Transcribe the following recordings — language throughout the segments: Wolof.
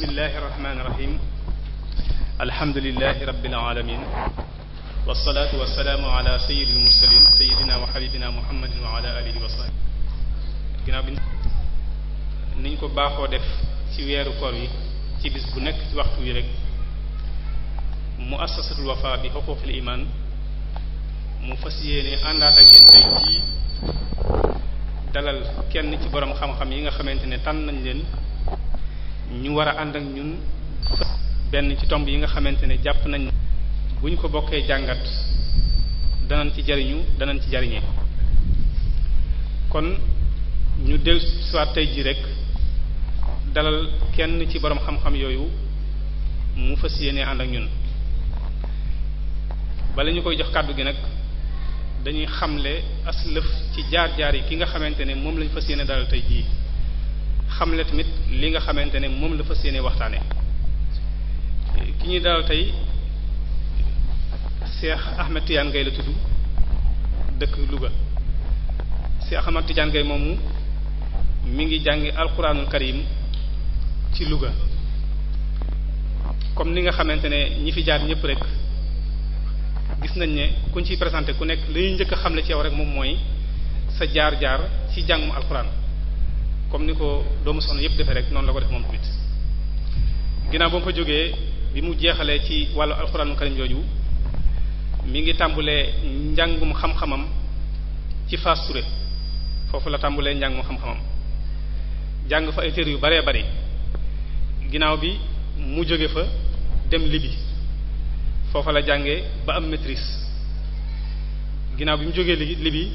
bismillahi irrahmani irahim alhamdulilahi rabbil alamin wasalaatu wasalaamu ala sayyidil mursalin sayyidina wa habibina muhammadin wa ala alihi wa sahbihi ginnaaw bi niñ ko baaxoo def ci weeru koor yi ci bis bu nekk ci waxtu wi rek mu assasatul wafa bi xuquqil iman mu fas yéene àndaat ak yéen tey jii dalal kenn ci borom xam-xam yi nga xamante ne tànn nañ leen ñu war a ànd ak ñun benn ci tomb yi nga xamante ne jàpp nañ bu ñu ko bokkee jàngat danañ ci jariñu danañ ci jariñee kon ñu del soit tey ji rek dalal kenn ci borom xam-xam yooyu mu fas yéene ànd ak ñun bala ñu koy jox kàddu gi nag dañuy xamle aslëf ci jaar-jaar yi ki nga xamante ne moom lañu fas yéene dalal tey jii xamle tamit li nga xamante ne moom la fa yéene waxtaane ki ñuy dalal tey Cheikh Ahmed Tidiane Gaye la tudd dëkk Louga Cheikh Ahmed Tidiane Gaye moomu mi ngi jàngi alquranul karim ci Louga comme li nga xamante ne ñi fi jaar ñëpp rek gis nañ ne kuñ ciy présenter ku nekk li ñuy njëkk a xamle ci yow rek moom mooy sa jaar-jaar ci jàngum alquran. comme ni ko doomu soxna yëpp defee rek noonu la ko def moom tamit ginnaaw ba mu fa jógee bi mu jeexalee ci wàllu alxuraanul karim jooju mi ngi tàmbulee njàngum xam-xamam ci Fass Touré foofu la tàmbulee njàngum xam-xamam jàng fa ay téere yu baree bari ginnaaw bi mu jóge fa dem libi foofa la jàngee ba am maîtrise ginnaaw bi mu jógee Libye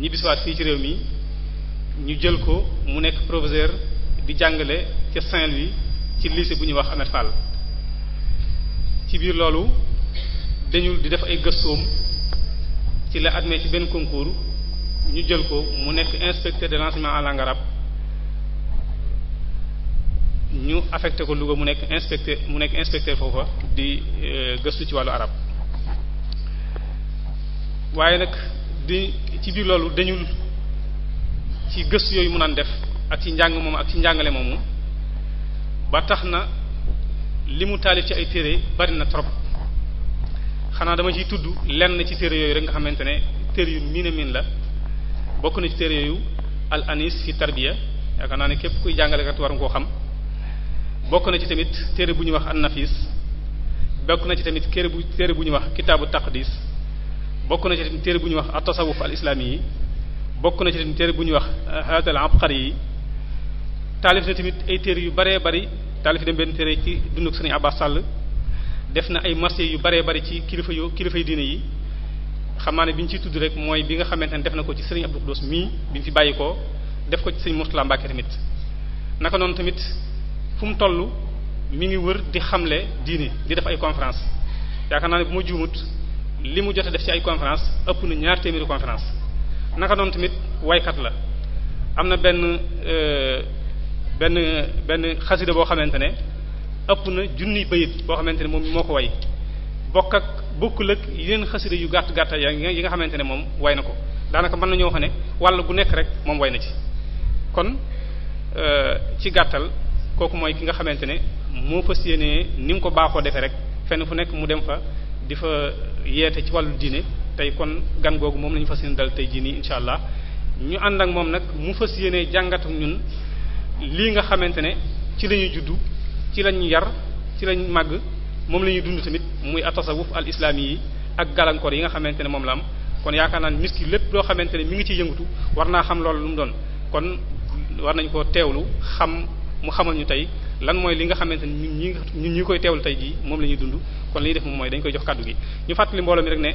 ñibbisiwaat fii ci réew mi ñu jël ko mu nekk professeur di jàngale ca Saint-Louis ci lycée bu ñuy wax Ahmed Fall ci biir loolu dañul di def ay gëstoom ci la admet ci benn concours ñu jël ko mu nekk inspecteur de l'enseignement en langue ñu affecté ko Louga mu nekk inspecteur mu nekk inspecteur foofa di euh, gëstu ci wàllu arab waaye nag di ci biir loolu dañul ci gëstu yooyu mu naan def ak ci njàng moom ak ci njàngale moomu ba tax na li mu taalif ci ay téere bari na trop xanaa dama ciy tudd lenn ci téere yooyu rek nga xamante ne téere yu miin a la bokk na ci téere yooyu al anis fi tarbiya yaakaar naa ne képp kuy jàngale war nga koo xam bokk na ci tamit téere bu ñu wax an nafis bokk na ci tamit téere bu téere bu ñuy wax kitaabu taqdis bokk na ci téere bu ñuy wax at tasawuf al islaami yi bokk nañ ci tamit téere bu ñuy wax euh, haadal abqari yi taalif na tamit ay téere yu baree bari taalif dem benn téere ci dunduk sëriñ Abbas Sall def na ay marché yu baree bari ci kilifa yu kilifa yi diine yi xam naa ne bi ñu ciy tudd rek mooy bi nga xamante ne def na ko ci sëriñ Abdou Khoudoss mii bi ñu fi bàyyi ko def ko ci sëriñ Mourtala Mbacke tamit naka noonu tamit fu mu toll mi ngi wër di xamle diine di def ay conférence yaakaar naa ne bu ma juumut li mu jot def ci ay conférence ëpp na ñaar téeméeri conférence naka noonu tamit waykat la am na benn euh, benn benn xasida boo xamante ne ëpp na junni bayit boo xamante ne moom moo ko way bokk ak bokkul ak yeneen xasida yu gàtt gàtt yi nga xamante ne moom way na ko daanaka mën nañoo wax ne wàll gu nekk rek moom way na ci kon euh, ci gàttal kooku mooy ki nga xamante ne moo fas yéenee ni mu ko baaxoo defee rek fenn fu nekk mu dem fa di fa yeete ci wàllu diine tey kon gan googu moom la ñu fas yéene dal tey jii nii incha allah ñu ànd ak moom nag mu fas yéene jàngatu ak ñun lii nga xamante ne ci la ñuy juddu ci la ñu yar ci la màgg moom la ñuy dund tamit muy atasawuf al islami yi ak gàllankoor yi nga xamante ne moom la am kon yaakaar naa ne miski lépp loo xamante ne mi ngi ciy yëngatu war naa xam loolu lu mu doon kon war nañ ko teewlu xam mu xamal ñu tey lan mooy li nga xamante ni ñu ñu ñun ñi koy teewlu tey jii moom la ñuy dund kon li def moom mooy dañ koy jox kàddu gi ñu fàttali mbooloo mi rek ne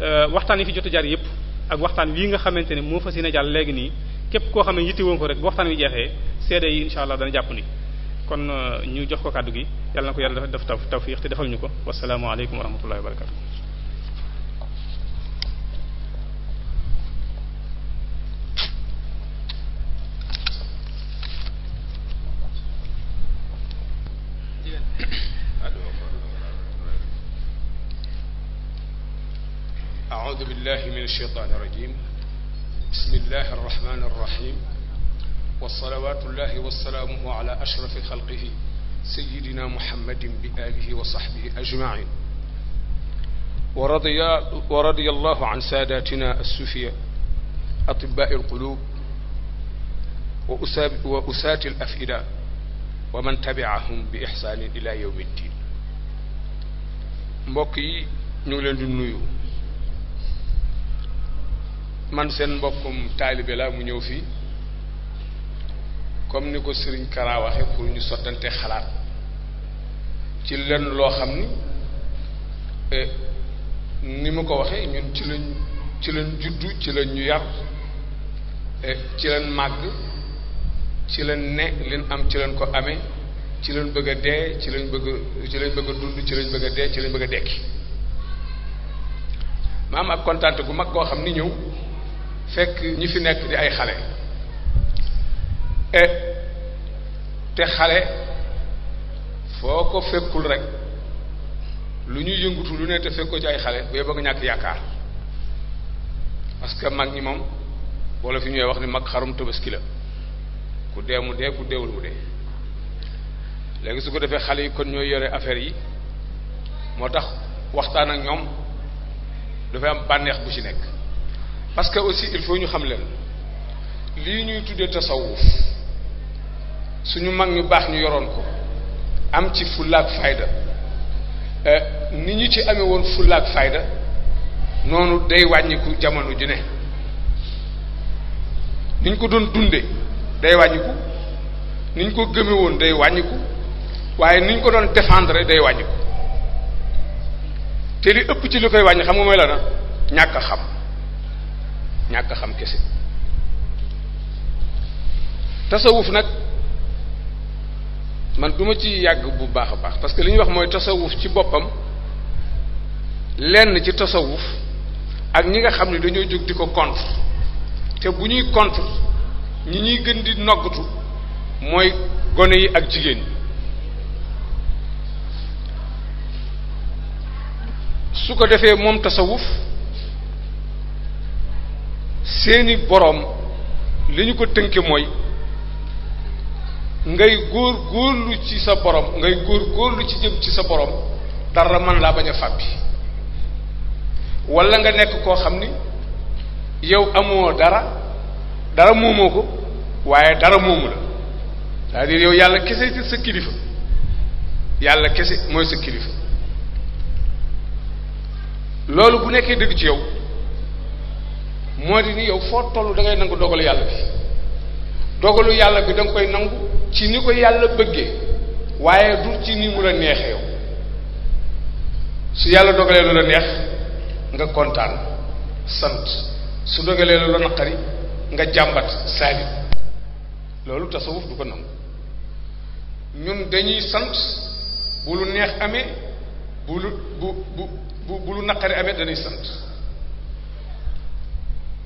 Euh, waxtaan yi fi jot a jaar yëpp ak waxtaan wii nga xamante ne moo fa fas yéene jàll léegi nii képp koo xam ne yitte woon ko rek bu waxtaan wi jeexee seede yi insha allah dana jàpp ni kon euh, ñu jox ko kàddu gi yàlla na ko yàlla dafa def taw tawfiix te defal ñu ko wasalaamualeykum wa rahmatullahi wa barakatu أعوذ بالله من الشيطان الرجيم بسم الله الرحمن الرحيم والصلوات الله والسلامه على أشرف خلقه سيدنا محمد بآله وصحبه أجمعين ورضي, ورضي الله عن ساداتنا السفية أطباء القلوب وأساة الأفئدة ومن تبعهم بإحسان إلى يوم الدين mbokk yi ñu ngi leen di nuyu man seen mbokkum taalibe la mu ñëw fii comme ni ko sëriñ Kara waxe pour ñu sottante xalaat ci lenn loo xam ni ni mu ko waxee ñun ci lañ ci lañ juddu ci lañ ñu yar ci lañ màgg ci leen ne leen am ci leen ko ame ci leen bëgg a dee ci lañ bëgg a ci lañ bëgg dund ci lañ bëgg a dee ci lañ bëgg a dekki maam ak kontaante gu mag koo xam ni ñëw fekk ñi fi nekk di ay xale eh, te xale foo ko fekkul rek lu ñuy yëngutu lu ne te fekkoo ci ay xale bu yeboo nga ñàkk yaakaar parce que mag ñi moom wala fi ñuy wax ni mag xarum tabaski la ku dee mu dee ku deewul mu dee léegi su ko defee xale yi kon ñooy yore affaire yi moo tax waxtaan ak ñoom dafay am bànneex bu ci nekk parce que aussi il faut ñu xam leen lii ñuy tuddee tasawuf suñu mag ñu baax ñu yoroon ko am ci fullaak fayda euh, ni ñu ci amee woon fayda noonu day wàññiku jamono ju ne ni ko doon dunde day wàññiku niñ ko gëme woon day wàññiku waaye niñ ko doon défendre day wàññiku te li ëpp ci li koy wàññi xam nga mooy la na ñàkk xam ñàkk xam kese tasawuf nag man duma ci yàgg bu baax a baax parce que li ñuy wax mooy tasawuf ci boppam lenn ci tasawuf ak ñi nga xam ne dañoo jóg di ko contre te bu ñuy contre ñi ñuy gën di noggatu mooy gone yi ak jigéen ñi su ko defee moom tasawuf seeni boroom li ñu ko tënke mooy ngay góor góorlu ci sa borom ngay góor góorlu ci jëm ci sa borom dara man laa bañ a fàbbi wala nga nekk koo xam ni yow amoo dara dara moomoo ko waaye dara moomu la cest à yow yàlla kese sa kilifa yàlla kese mooy sa kilifa loolu bu nekkee dëgg ci yow moo di ni yow foo toll da ngay nangu dogalu yàlla bi dogalu yàlla bi danga koy nangu ci ni ko yàlla bëggee waaye du ci ni mu la neexee yow su yàlla dogalee lu la neex nga kontaan sant su dogalee lu la naqari nga jàmbat saali loolu tasawuf du ko nangu ñun dañuy sant bu lu neex amee bu lu bu bu bu lu naqari amee dañuy sant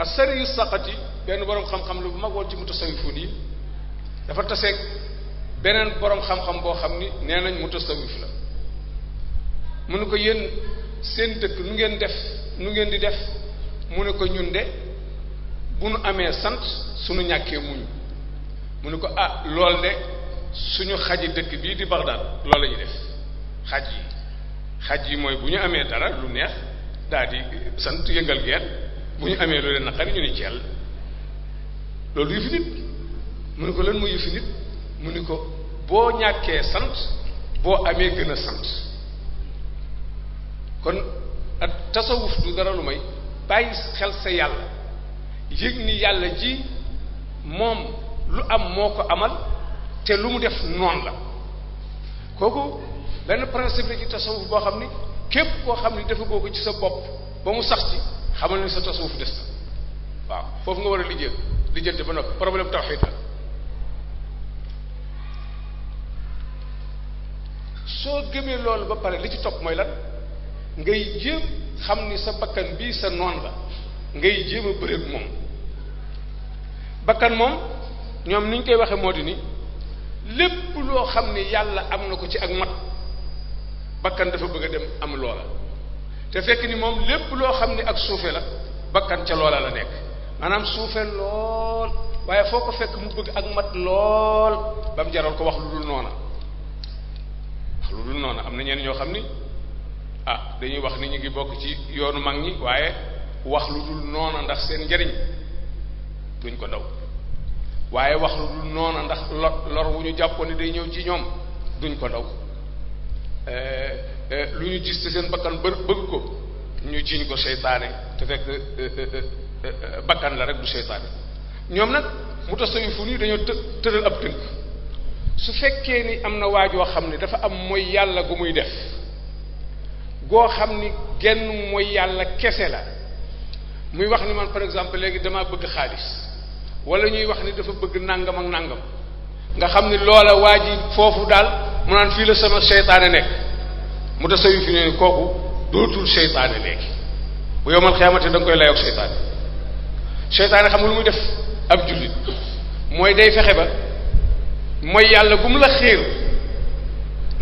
asari yu saqati benn boroom xam-xam la bu mag woon ci mutasawifun yi dafa taseeg beneen boroom xam-xam boo xam ni nee nañ mutasawif la mu ne ko yéen seen dëkk nu ngeen def nu ngeen di def mu ne ko ñun de bu nu amee sant suñu ñàkkee muñu mu ne ko ah lool de suñu xaji dëkk bii di Bagdad loolu la ñuy def xaj yi xaj yi mooy bu ñu amee dara lu neex daal di sant yëgal geen bu ñu amee lu leen naqari ñu ci yàlla loolu yëfi nit mu ne ko lan muy yëfi nit mu ne ko boo ñàkkee sant boo amee gën a sant kon ak tasawuf du dara lu may bàyyi xel sa yàlla yëg ni yàlla ji moom lu am moo ko amal te lu mu def noonu la kooku benn principe la ci tasawuf boo xam ni képp koo xam ni dafa goo ko ci sa bopp ba mu sax ci xamal ne sa tasawuf des na waaw foofu nga war a lijjë lijjante ba noppi problème tawxiid la soo gëmee loolu ba pare li ci topp mooy lan ngay jéem xam ni sa bakkan bii sa noon la ngay jéem a bëreeg moom bakkan moom ñoom ni ñu koy waxee moo di ni lépp loo xam ni yàlla am na ko ci ak mat bakkan dafa bëgg a dem am loola te fekk ni moom lépp loo xam ni ak suufe la bakkan ca loola la nekk maanaam suufe lool waaye foo ko fekk mu bëgg ak mat lool ba mu jaral ko wax lu dul noona wax lu dul noona am na ñenn ñoo xam ni ah dañuy wax ni ñu ngi bokk ci yoonu mag ñi waaye wax lu dul noona ndax seen njariñ duñ ko daw waaye wax lu dul noona ndax lor lor wu ñu jàppoon ni day ñëw ci ñoom duñ ko daw eh, Eh, lu ñu gis te seen bakkan bër bëgg ko ñu jiiñ ko seytaane te fekk eh, eh, bakkan la rek du seytaane ñoom nag mu tasawufu nii dañoo të tëral ab tënk su fekkee ni am na waajoo xam ne dafa am mooy yàlla gu muy def goo xam ni genn mooy yàlla kese la muy wax ni man par exemple léegi damaa bëgg xaalis wala ñuy wax ni dafa bëgg nangam ak nangam nga xam ni loola waa ji foofu daal mu naan fii la sama seytaane nekk mu tasawi fi ne kooku dootul seytaane léegi bu yomal xiyamate da nga koy layoog seytaane seytaane xam nga lu muy def ab jullit mooy day fexe ba mooy yàlla bu mu la xiir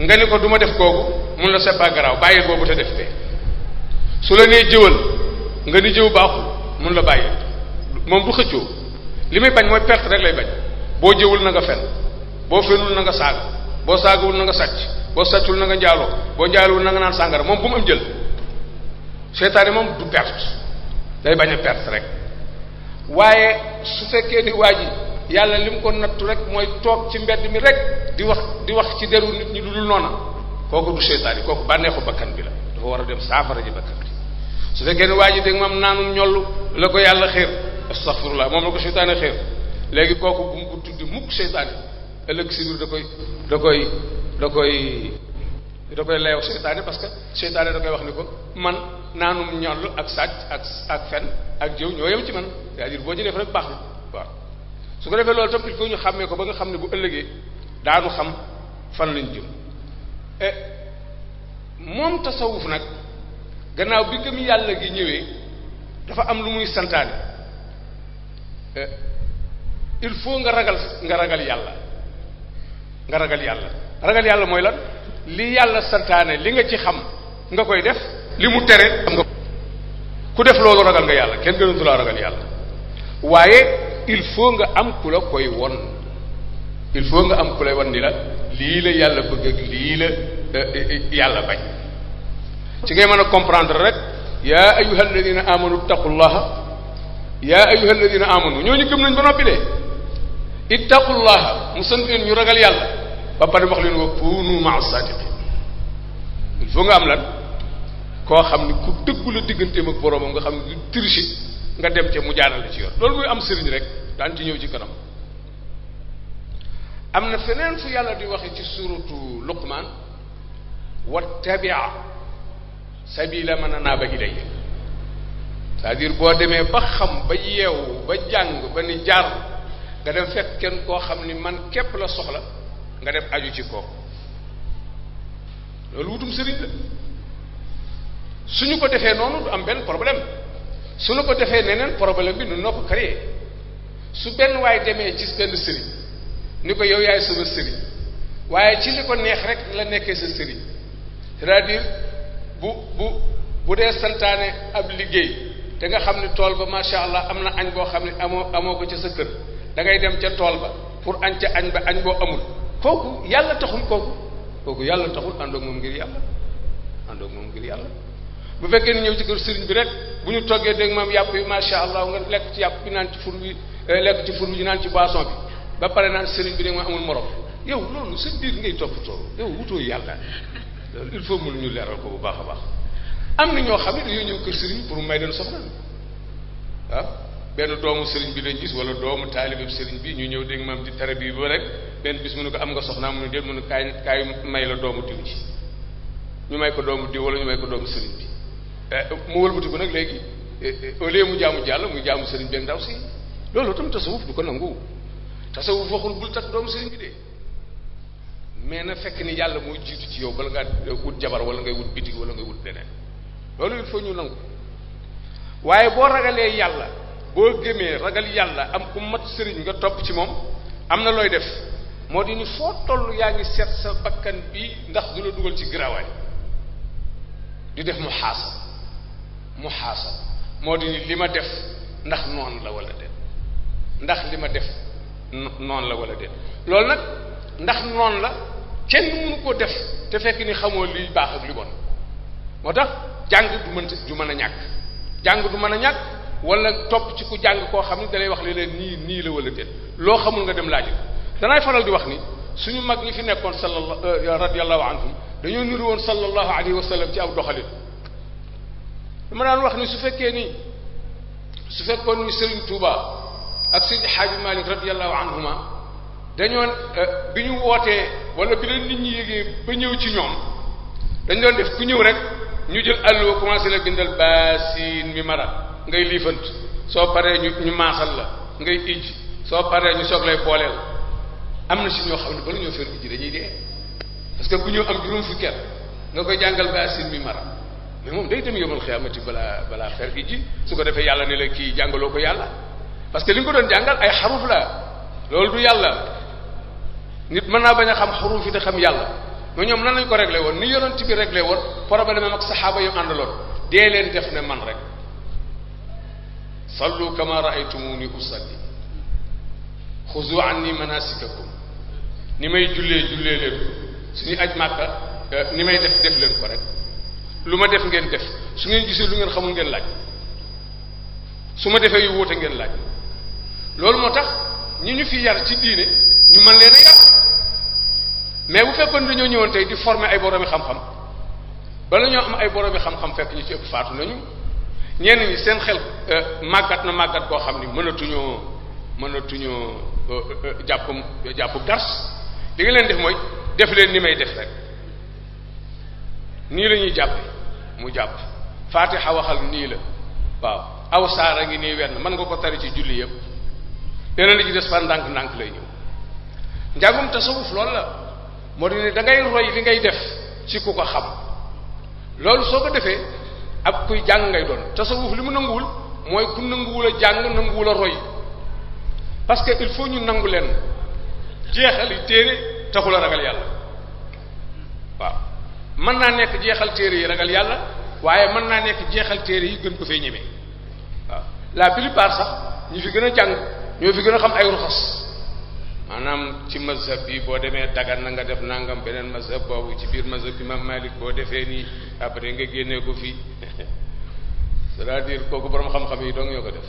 nga ni ko duma ma def kooku mun la seppa garaaw bàyyil boobu te def bee su la nee jëwal nga ni jëw baaxul mun la bàyyil moom du xëccoo li may bañ mooy perte rek lay bañ boo jëwul na nga fen boo fenul na nga saaga boo saagawul na nga sàcc boo sàccul na nga njaaloo boo njaalowul na nga naan sàngara moom bu mu am jël seytaane moom du perte day bañ a perte rek waaye su fekkee ni waa ji yàlla li mu ko nattu rek mooy toog ci mbedd mi rek di wax di wax ci deru nit ñi du dul noona kooku du seytaane kooku bànneexu bakkan bi la dafa war a dem saafara ji bakkan bi su fekkee ni waa ji dégg moom naanum ñollu la ko yàlla xéer astaghfirullah moom la ko seytaane xéer léegi kooku bu ëllëg si biir da koy da koy da koy da koy layoo seytaane parce que seytaane da koy wax ni ko man naanum ñollu ak sàcc ak ak fen ak jëw ñoo yem ci man cest à boo ñu def rek baax na waaw su ko defee loolu tam il ñu xàmmee ko ba nga xam ne bu ëllëgee daanu xam fan lañ jëm e moom tasawuf nag gannaaw bi gëm yàlla gi ñëwee dafa am lu muy santaane eh, il faut nga ragal nga ragal yàlla nga ragal yàlla ragal yàlla mooy lan li yàlla santaane li nga ci xam nga koy def li mu tere xam nga ku def loolu ragal nga yàlla kenn gënatu laa ragal yàlla waaye il faut nga am ku la koy won il faut nga am ku lay won ni la lii la yàlla bëgg ak lii la eh, eh, eh, yàlla bañ ci ngay mën a comprendre rek yaa ayuha alladina amanu taqullaha yaa ayuha alladina amanu ñooñu gëm nañ ba noppi de ittaqullaha mu sant ñu ragal yàlla ba pare wax leen wa kunu ma'a sadiqin il faut nga am lan koo xam ni ku dëggu la digganteem ak boroomam nga xam ni du triche nga dem ca mu jaarale ci yoon loolu muy am sëriñ rek daan ci ñëw ci kanam am na feneen fu yàlla di waxe ci suratu luqman wattabia sabila man anaba ilayya c'est-à-dire boo demee ba xam ba yeewu ba jàng ba ni jaar nga dem fekk kenn koo xam ni man képp la soxla nga dem aju ci kooku loolu wutum sëriñ la suñu ko defee noonu du am benn problème suñu ko defee neneen problème bi nu noo ko créé su benn waay demee ci benn sëriñ ni ko yow yaay sama sëriñ waaye ci li ko neex rek la nekkee sa sëriñ cest à bu bu bu dee santaane ab liggéey te nga xam ni tool ba macha allah am na añ boo xam ne amoo amoo ko ci sa kër da ngay dem ca tool ba pour añ ca añ ba añ boo amul kooku yàlla taxul kooku kooku yàlla taxul àndoog moom ngir yàlla àndoog moom ngir yàlla bu fekkee ni ñëw ci kër sëriñ bi rek bu ñu toggee dégg maam yàpp yi macha allah nga lekk ci yàpp bi naan ci fur bi eh, lekk ci fur bi naan ci boisson bi ba pare naan sëriñ bi dégg ma amul morom yow loolu si biir ngay toppatoo yow wutoo yàlla loolu il faut mënu ñu leeral ko bu baax a baax am na ñoo xam ne dañoo ñëw kër pour mu may leen benn doomu sëriñ bi lañ gis wala doomu taalibe sëriñ bi ñu ñëw dégg maam di tara bi ba rek benn bis mu ne ko am nga soxnaa mu ne déet mu ne kaay kaay may la doomu diw ji ñu may ko doomu diw wala ñu may ko doomu sëriñ bi eh, mu wëlbati ko nag léegi eh, eh, au lieu mu jàmm jàll muy jaamu sëriñ bi ak ndaw si loolu tam tasawuf du ko nangu tasawuf waxul bul takk doomu sëriñ bi de mais na fekk ni yàlla mooy jiitu ci yow bala ngaa wut jabar wala ngay wut bitig wala ngay wut beneen loolu il faut ñu nangu yàlla boo gëmee ragal yàlla am ku mat sëriñ nga topp ci moom am na looy def moo di ni foo toll yaa ngi seet sa bakkan bi ndax du la dugal ci garawaay di def mu xaasal mu xaasal moo di ni li ma def ndax noonu la wala déet ndax li ma def noonu la wala déet loolu nag ndax noonu la kenn mënu ko def te fekk ni xamoo li baax ak li moo tax jàng du mën mën a ñàkk jàng du mën a ñàkk wala topp ci ku jàng koo xam ne dalay wax leen nii nii la wala loo xamul nga dem laaj danaay faral di wax ni suñu mag ñi fi nekkoon sallallahu euh, radiyallahu anhum dañoo niru woon sallallahu alayhi wa sallam ci aw doxalin dama daan wax ni su fekkee ni su fekkoon ni Touba ak Seydi Hadji Malick radiyallahu dañoo euh, bi ñu wootee wala bi leen nit ñi yégee ba ñëw ci ñoom dañ doon def ku ñëw rek ñu jël allo commencé la bindal baasin mi marat ngay liifant soo paree ñu ñu maasal la ngay ij soo paree ñu soog lay booleel am na si ñoo xam ne bala ñoo fer ij dañuy dee parce que bu ñu am juróom fukki at nga koy jàngal ba sin mi mara mais moom day dem yomal xiyaamati balaa balaa fer ij su ko defee yàlla ne la kii jàngaloo ko yàlla parce que li nga ko doon jàngal ay xaruf la loolu du yàlla nit mën naa bañ a xam xaruf yi te xam yàlla mais ñoom nan lañ ko réglé woon ni yonent bi réglé woon problème am ak saxaaba yu àndaloon dee leen def ne man rek sallu kama raaytumuni usalli xuzu anni manasikakum ni may jullee jullee leen ko suñu aj màkka euh, ni may def def leen ko rek lu ma def ngeen def su ngeen gisee lu ngeen xamul ngeen laaj su ma defee yu wóote ngeen laaj loolu moo tax ñi ñu fi yar ci diine ñu mën leen a yar mais bu fekkoon dañoo ñëwoon tey di former ay boroomi xam-xam bala ñoo am ay boroomi xam-xam fekk ñu ci ëpp faatu nañu ñenn ñi seen xel euh, màggat na màggat koo xam ni mënatuñoo mënatuñoo euh, euh, jàpp jàpp gars li leen def mooy def leen ni may def rek nii la ñuy jàppe mu jàpp faatixa waxal nii la waaw aw saara ngi nii wenn mën nga ko tari ci julli yëpp leneen li ci des fa ndànk-ndànk lay ñëw njàngum tasawuf loolu la moo di ne da ngay roy li ngay def ci ku ko xam loolu soo ko defee ab koy jàng ngay doon tasawuf li mu nanguwul mooy ku nanguwul a jàng nanguwul a roy parce que il faut ñu nangu leen jeexali téere taxul ragal yàlla waaw mën naa nekk jeexal téere yi ragal yàlla waaye mën naa nekk jeexal téere yi gën ko fee ñemee waaw la plupart sax ñu fi gën a jàng ñoo fi gën a xam ay ruxas maanaam ci mazhab bi boo demee dagan na nga def nangam beneen mazhab boobu ci biir mazhab bi imam Malik boo defee nii après nga génnee ko fii c'est-à-dire kooku borom xam-xam yi dong ñoo ko def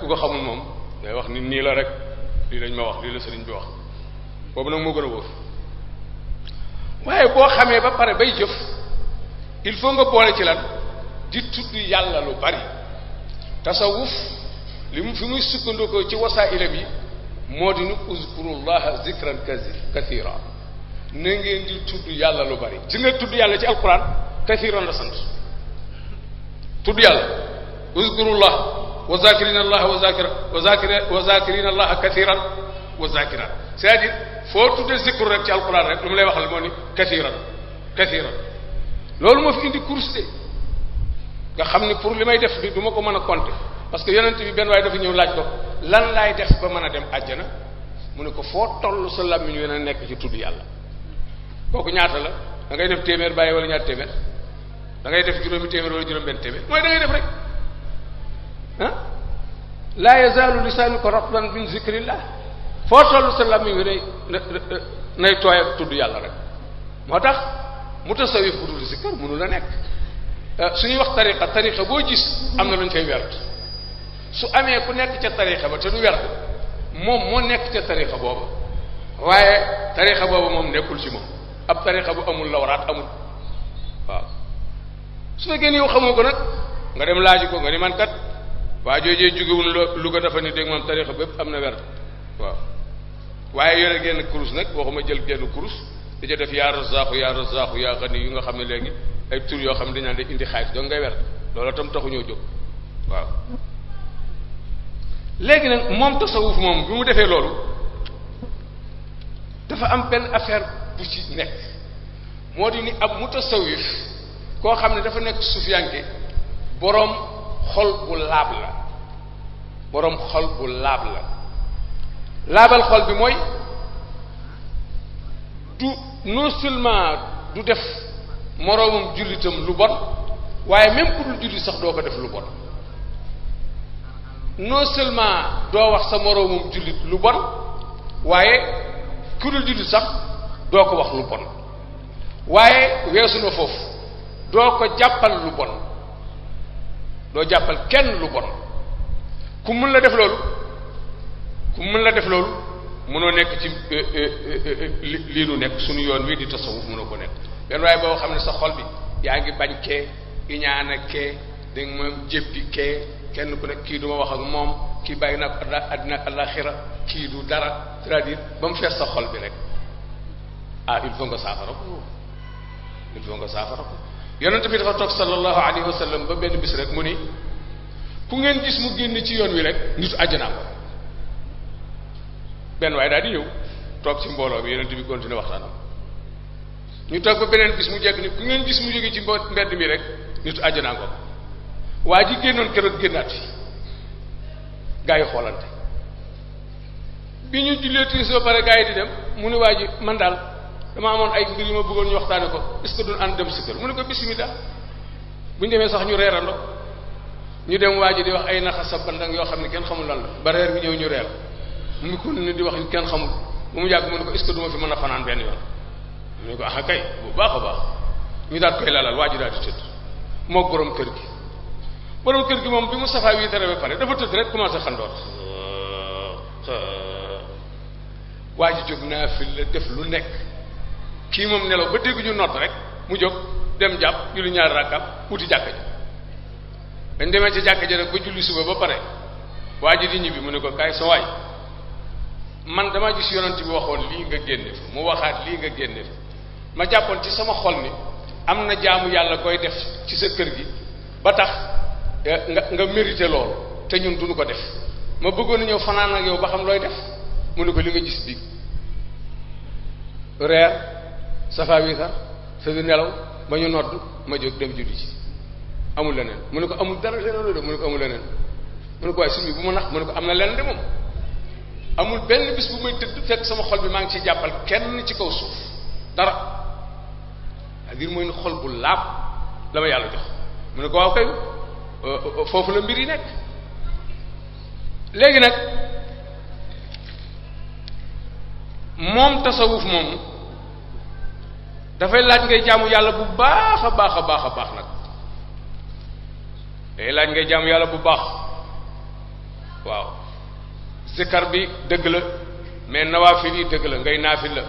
ku ko xamul moom day wax ni nii la rek lii lañ ma wax lii la sëriñ bi wax boobu nag moo gën a wóor waaye boo xamee ba pare bay jëf il faut nga boole ci lan di tudd yàlla lu bari tasawuf li mu fi muy sukkandikoo ci wasaa ilam yi moo di ni uzkurullaha zikran kathira na ngeen di tudd yàlla lu bari ci nga tudd yàlla ci alquran kathiran la sant tudd yàlla uzkurullah wa zakirina allah wa zakira wa zakira wa zakirina allah kathiran wa zakirat c'est-à-dire ci alquran rek lu mu lay waxal moo ni kathiran kathiran loolu fi indi course de xam ni pour li may def bi du ma ko mën a compter parce que yonent bi benn waaye dafa ñëw laaj ko lan laay def ba mën a dem àjjana mu ne ko foo toll sa làmmiñ wi na nekk ci tudd yàlla kooku ñaata la da ngay def téeméer bàyyi wala ñaar téeméer da ngay def juróomi téeméer wala juróom benn téeméer mooy da ngay def rek ah laa yazaalu lisaanu ko ratban min zikrillah foo tollu sa làmmiñ wi nay nay tooy tudd yàlla rek moo tax mu tasawif bu dul zikkar mënu la nekk euh, suñu wax tariqa tariqa boo gis am na lu ñu koy su amee ku nekk ca tarixa ba te du werd moom moo nekk ca tarixa booba waaye tarixa booba moom nekkul ci moom ab tarixa bu amul lawraat amul waaw su fekkee ni yow xamoo ko nag nga dem laaj ko nga ni man kat waa joojee jógewul lu ko dafa ni dégg moom tarixa bépp am na werd waaw waaye yore genn kurus nag waxuma jël genn kurus di ca def yaa razaaxu yaa razaaxu yaa xani yu nga xam ne léegi ay tur yoo xam ne dañaan de indi xaalis donc ngay werd loolu tam taxuñoo jóg waaw léegi nag moom tasawuf moom bi mu defee loolu dafa am benn affaire bu ci nekk moo di ni am ab mutasawif koo xam ne dafa nekk sufiyanke boroom xol bu laab la boroom xol bu laab la laabal xol bi mooy du non seulement du def moroomam jullitam lu bon waaye même ku jullit sax doo ko def lu bon non seulement doo wax sa moroomum jullit lu bon waaye ku dul jullit sax doo ko wax lu bon waaye weesu na foofu doo ko jàppal lu bon doo jàppal kenn lu bon ku mën la def loolu ku mën la def loolu mënoo nekk ci eh, eh, eh, lii nu nekk suñu yoon wi di tasawuf mënoo ko nekk benn waaye boo xam ne sa xol bi yaa ngi bañ kee iñaan a kee danga ma jéppi kee kenn ku nekk kii du ma wax ak moom kii bàyyi nag ko àddina ak àllaaxira kii du dara cest à ba mu fees sa xol bi rek ah il faut nga saafara ko il nga saafara ko yonent bi dafa toog sallallahu alayhi wa sallam ba benn bis rek mu ni ku ngeen gis mu génn ci yoon wi rek nitu àjjanaam la benn waaye daal di ñëw toog ci mbooloo bi yonent bi continué waxtaanam ñu toog ba beneen bis mu jekk ni ku ngeen gis mu jóge ci mbo mbedd bi rek nitu àjjanaam ko waa ji génnoon keroog génnaat yi gaa yi xoolante bi ñu jullee timis ba pare gaa yi di dem mu ne waa ji man daal dama amoon ay mbir yu ma bëggoon ñu waxtaane ko est-ce que duñ ne ko bisimilah bu demee sax ñu reerando ñu dem waa ji di wax ay naxa sa yoo xam ne kenn xamul lan la ba reer bi ñëw ñu reer mu ngi continué di wax ñu kenn xamul ba mu yàgg mu ne ko est-ce fi mën a fanaan benn yoon mu ne ko ah bu baax a baax ñu daal koy lalal waa ji daal di tëdd moo borom kër gi borom kër gi moom bi mu safaa wi dara ba pare dafa tëdd rek commencé xandoor waa ji jóg naa fi la def lu nekk kii moom nelaw ba dégg ñu noot rek mu jóg dem jàpp julli ñaari rakka wuti jàkka ji dañ demee ci jàkka ji rek ba julli suba ba pare waa ji di ñibbi mu ne ko kaay sa waay man dama gis yonent bi waxoon lii nga génne fi mu waxaat lii nga génne fi ma jàppoon ci sama xol ni am na jaamu yàlla koy def ci sa kër gi ba tax nga nga mérité lool te ñun duñu ko def ma bëggoon a ñëw fanaan ak yow ba xam looy def mu ne ko li nga gis bi reer safa sa du ba ñu nodd ma jóg dem juddu ci amul leneen mu ne ko amul dara leneen loolu mu ne ko amul leneen mu ne ko waaye sumi bu ma nax mu ne ko am na leneen de moom amul benn bis bu may tëdd fekk sama xol bi maa ngi ci jàppal kenn ci kaw suuf dara c'est-à-dire mooy ne xol bu laab la ma yàlla jox mu ne ko waaw kay Euh, euh, foofu la mbir yi nekk léegi nag moom tasawuf moom dafay laaj ngay jaamu yàlla bu baax a baax a baax a baax nag day laaj ngay jaamu yàlla bu baax waaw sikar bi dëgg la mais nawaafil yi dëgg la ngay naafil la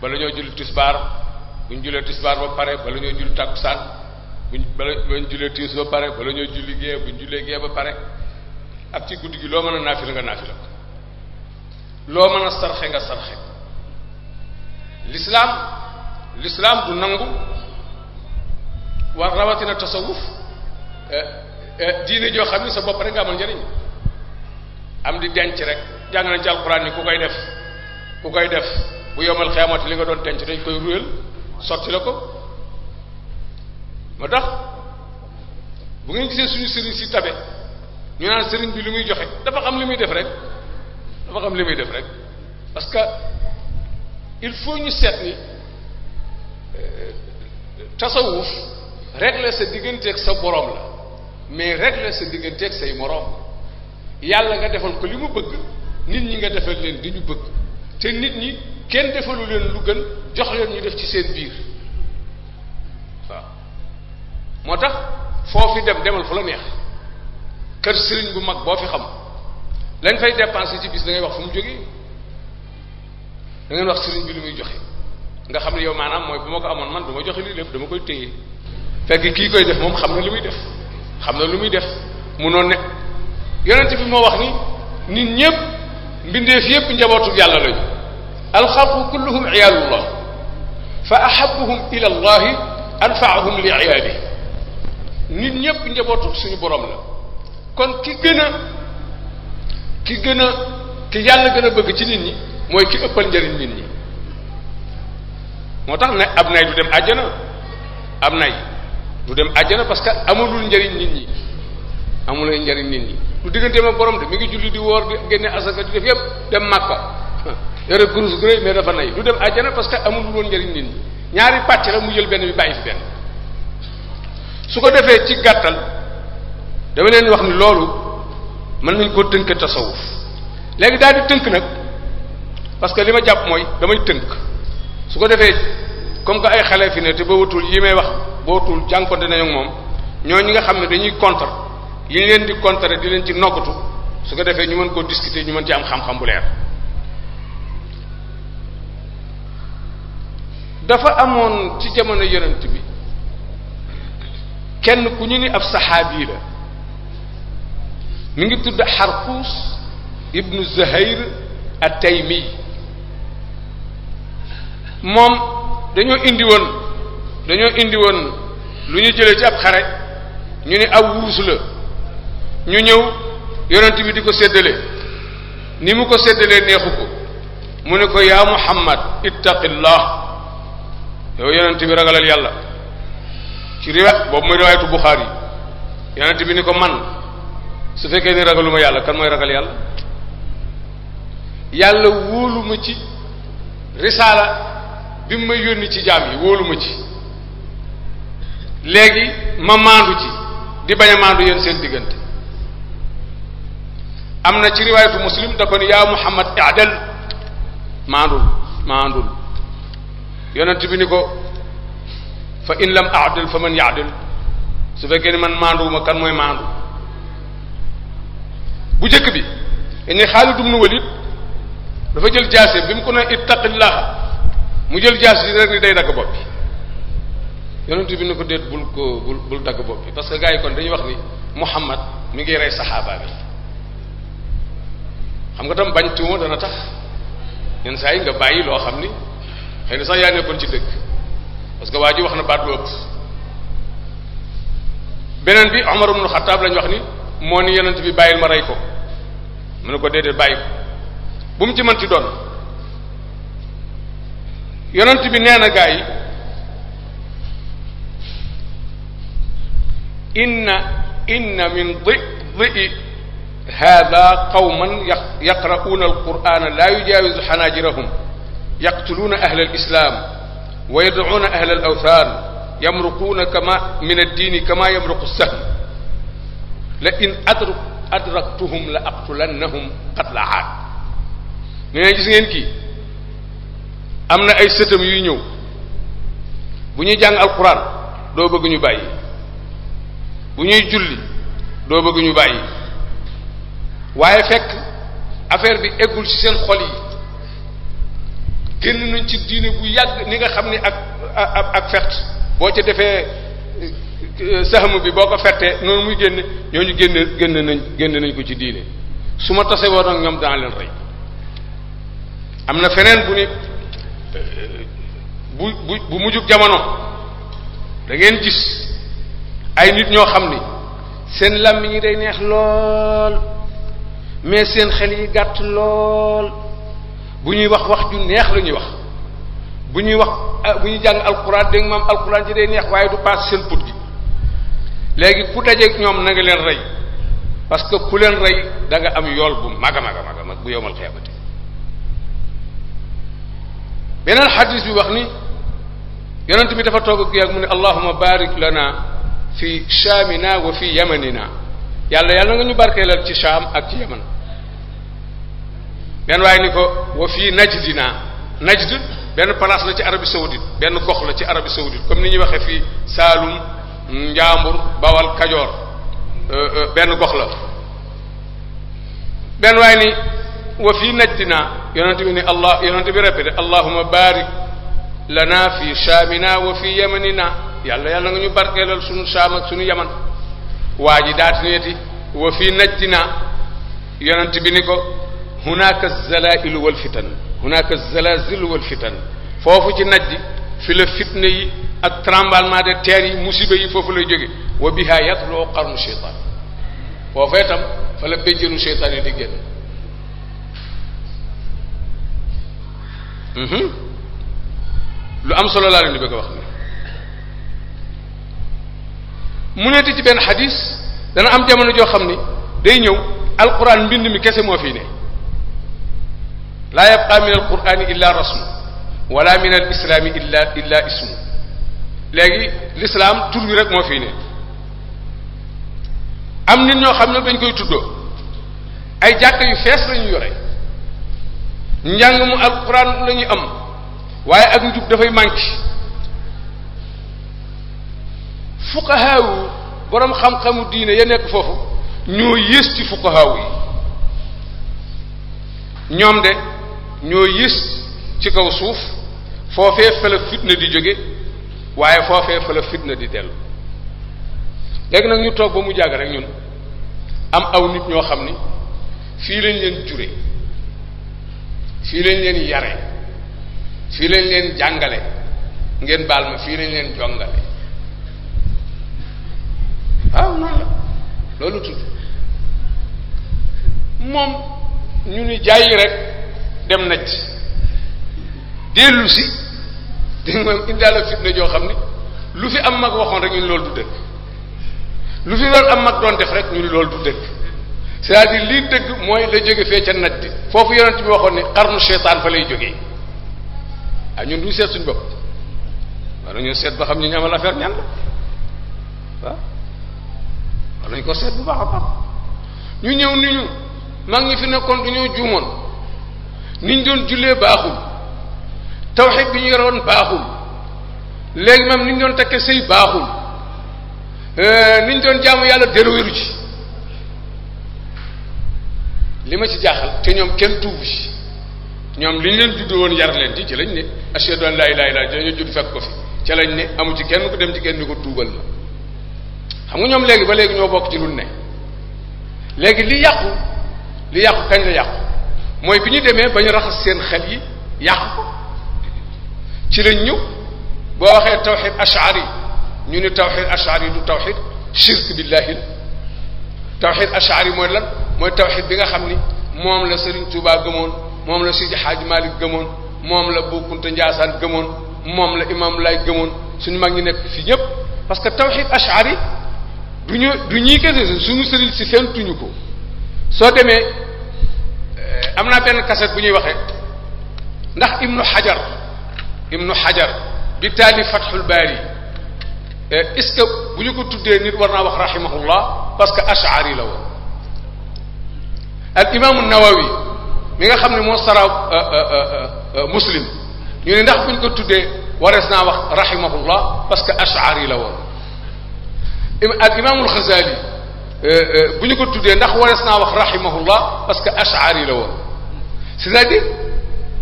bala ñoo julli tisbaar bu ñu jullee tisbaar ba pare bala ñoo julli tàkkusaan buñ bala buñ jullee tiis ba pare bala ñoo julli gee buñ jullee gee ba pare ak ci guddi gi loo mën a naafila nga naafila ko loo mën a sarxe nga sarxe lislaam lislaam bu nangu war rawatina tasawuf eh, eh, diine joo xam ni sa bopp rek nga amal njëriñ am di denc rek jàng nañ ci alxuraan ni ku koy def ku koy def bu yomal xiyamati li nga doon denc dañ koy ruyal sotti la ko moo tax bu ngeen gisee suñu sëriñ si tabe ñu naan sëriñ bi lu muy joxe dafa xam li muy def rek dafa xam li muy def rek parce que il faut ñu seet ni euh, tasawuf régler sa digganteeg sa borom la mais régler sa digganteeg say moroom yàlla nga defal ko li mu bëgg nit ñi nga defal leen di ñu bëgg te nit ñi kenn defalu leen lu gën jox leen ñu def ci seen biir moo tax foofu fi dem demal fu la neex kër sëriñ bu mag boo fi xam lañ fay dépensé ci bis da ngay wax fu mu jóge da wax sëriñ bi lu muy joxe nga xam ne yow maanaam mooy bu ma ko amoon man du ma joxe lii lépp dama koy téye fekk kii koy def moom xam na lu muy def xam na lu muy def munoon ne yonent bi moo wax ni nit ñëpp mbindeef yëpp njabootu yàlla lañu alxalqu kulluhum iyaalullah fa ahabuhum ila allahi anfaahum li iyaalihi nit ñépp njabootu suñu borom la kon ki gën a ki gën a ki yàlla gën a bëgg ci nit ñi mooy ki ëppal njëriñ nit ñi moo tax ne ab nay du dem àjjana ab nay du dem àjjana parce que amulul njëriñ nit ñi amulay njëriñ nit ñi lu digganteem ak borom de mi ngi julli di woor di génne asaka di def yépp dem màkka yore gurus gu rëy mais dafa nay du dem àjjana parce que amulul woon njëriñ nit ñi ñaari pàcc la mu jël benn bi bàyyi fi benn su ko defee ci gàttal dama leen wax ni loolu mën nañ koo tënk tasawuf léegi daal di tënk nag parce que li ma jàpp mooy damay tënk su ko defee comme que ay xale fi ne te boobatul yi may wax boobatul jànkonte nañu moom ñoo ñi nga xam ne dañuy contre yi ñu leen di contrer di leen ci noggatu su ko defee ñu mën koo discuter ñu mën ci am xam-xam bu leer dafa amoon ci jamono yonent bi kenn ku ñu ni ab saxaabi la mu ngi tudd xarquus ibnu zuhayr at-taymi moom dañoo indi woon dañoo indi woon lu ñu jëlee ci ab xare ñu ni ab wuus la ñu ñëw yonent bi di ko seddale ni mu ko seddalee neexu ko mu ne ko yaa muhammad ittaqillah yow yonent bi ragalal yàlla ci riwaay boobu mooy riwaayatu Buxaari yonent bi ni ko man su fekkee ni ragaluma yàlla kan mooy ragal yàlla yàlla wóoluma ci risaala bi mu may yónni ci jaam yi wóoluma ci léegi ma maandu ci di bañ maandu yéen seen diggante am na ci riwaayatu muslim dafa ni yaa muhammad i'dal maandul maandul yonent bi ni ko fa in lam aadil fa man yaadil su fekkee ni man maanduwuma kan mooy maandu bu jëkk bi dañuy Xaalid ibn Walid dafa jël jaase bi mu ko ne ittaqillaha mu jël jaase yi rek ni day dagg bopp bi yonent bi ne ko déet bul dagg bopp bi parce que gars yi kon dañuy wax ni Muhammad mi ngi rey saxaaba bi xam nga tam bañ tuuma yi bàyyi loo xam ni xëy sax yaa nekkoon ci dëkk parce que waa ji wax na baat bu ëpp beneen bi Omar ibn Xattaab ni moo ni bi bàyyil ma ko mu ne ko déedéet bàyyi ko bu mu ci mën ci doon yonent bi nee na gaa yi inna inna min didi hada qawman yaqra'uuna alqur'ana la yujaawizu xanaajirahum yaqtuluuna ahla alislam wa yad'uuna ahla al awthaan yamruquuna kama min addiini kama yamruqu sahm la in adrak adraktuhum la aqtulannahum qatla aad ne neen gis ngeen kii am na ay sëtam yuy ñëw bu ñuy jàng alquran doo bëgg ñu bàyyi bu ñuy julli doo bëgg ñu bàyyi waaye fekk affaire bi eggul ci seen xol yi génn nañ ci diine bu yàgg ni nga xam ni ak ak fert boo ci defee euh, saxamu bi boo ko fertee noonu muy génne ñooñu génn génn nañ génn nañ ko ci diine su ma tase woon ak ñoom dana leen rey am na feneen bu ni bu bu bu mujjug jamono da ngeen gis ay nit ñoo xam ni seen làmmiñ yi day neex lool mais seen xel yi gàtt lool bu ñuy wax wax ju neex la ñuy wax bu ñuy wax ah, bu ñuy jàng alquran dégg nga maam alquran ji day neex waaye du paas seen put gi léegi ku dajeeg ñoom na leen rey parce que ku leen rey da nga am yool bu mag a mag a mag a mag bu yowmal xiyaamati beneen xadis bi wax ni yonent bi dafa toog ak yàgg mu ne allahuma barik lana fi shaamina wa fi yamanina yàlla yàlla na nga ñu barkeelal ci shaam ak ci yeman benn waay ni ko wa fii najdina najd benn place la ci Arabie saoudite benn gox la ci Arabie saoudite comme ni ñuy waxee fii Saalum Njaambur Bawal Kajoor euh, euh, benn gox la benn waay ni wa fii najdina yonente bi ni allah yonente bi répété allahuma barik lana fi shaamina wa fi yamanina yàlla yàlla nga ñu barkeelal suñu shaam ak suñu yaman waa ji daati neeti wa fii najdina yonente bi ni ko hunaka zalailu wal fitan hunaka zalazilu wal fitan foofu ci najdi fi la fitna yi ak tremblement de terre yi musiba yi foofu lay jóge wa biha yatloo qarnu cheytaan foofee tam fa la béjjënu cheytaan yi di génn lu am solo laa leen di bëgg ni mu neeti ci benn xadis dana am jamono joo xam ni day ñëw alquran mbind mi kese moo fii ne laa yabqa min alqurani illa rasmu wala min al islaami illa illa ismu léegi lislaam tur bi rek moo fii ne am nit ñoo xam ne dañ koy tuddoo ay jàkk yu fees lañu yore njàng mu alquran la ñuy am waaye ak njub dafay manqué fuqahaawu boroom xam-xamu diine ya nekk foofu ñoo yées ci fuqahaawu yi ñoom de ñoo yës ci kaw suuf foofee fa la fitna di jóge waaye foofee fa la fitna di dellu léegi nag ñu toog ba mu jàgg rek ñun am aw nit ñoo xam ni fii lañ leen jure fii lañ leen yare fii lañ leen jàngale ngeen baal ma fii lañ leen jongale waaw noonu la loolu tudd moom ñu ni jàyyi rek dem na ci dellu si dégg nga indaale fitna joo xam ne lu fi am mag waxoon rek ñun loolu du dëgg lu fi doon am mag doon def rek ñun loolu du dëgg cest à lii dëgg mooy la jóge fee ca nat di foofu yonent bi waxoon ne xarnu lay jógee ah ñun duñ seet suñ seet ba xam ñu ñu amal affaire ñan nañ ko seet bu baax ñëw ni ñu mag ñi fi nekkoon du ñoo juumoon niñ doon jullee baaxul tawxid bi ñu yoroon baaxul léegi même niñ doon takke sëy baaxul euh, niñ doon jaamu yàlla déroweeru ci li ma ci jaaxal te ñoom kenn tuubu ci ñoom li ñu leen judd woon yar leen ci ci lañ ne ashhadu an laa ilaaha illallaah dañoo judd fekk ko fi ca lañ ni amu ci kenn ku dem ci kenn ni ko tuubal ma xam nga ñoom léegi ba léegi ñoo bokk ci lu ne léegi li yàqu li yàqu kañ la yàqu mooy bi ñu demee ba ñu raxas seen xel yi yàq ko ci lañ ñu boo waxee tawxid ashari ñu ni tawxid ashari du tawxid shirk billahi tawxid ashari mooy lan mooy tawxid bi nga xam ni moom la Serigne Touba gëmoon moom la Sidi Hadj Malick gëmoon moom la Boukounta Ndiassane gëmoon moom la imam lay gëmoon suñu mag ñi nekk fii ñëpp parce que tawxid ashari du ñu du ñuy kese suñu sëriñ si fentuñu ko soo demee Eh, am naa benn kaset bu ñuy waxee ndax ibnu xajar ibnu xajar bi taali fatxul baari eh, est-ce que bu ñu ko tuddee nit war naa wax rahimahullah parce que ashari la woon al imaamu nawawi mi nga xam ne moo sara eh, muslim ñu ne ndax bu ñu ko tuddee warees naa wax rahimahullah parce que ashari la woon al imaamul xazaali Euh, euh, bu ñu ko tuddee ndax warees naa wax rahimahullah parce que ashari la woon c'est-à-dire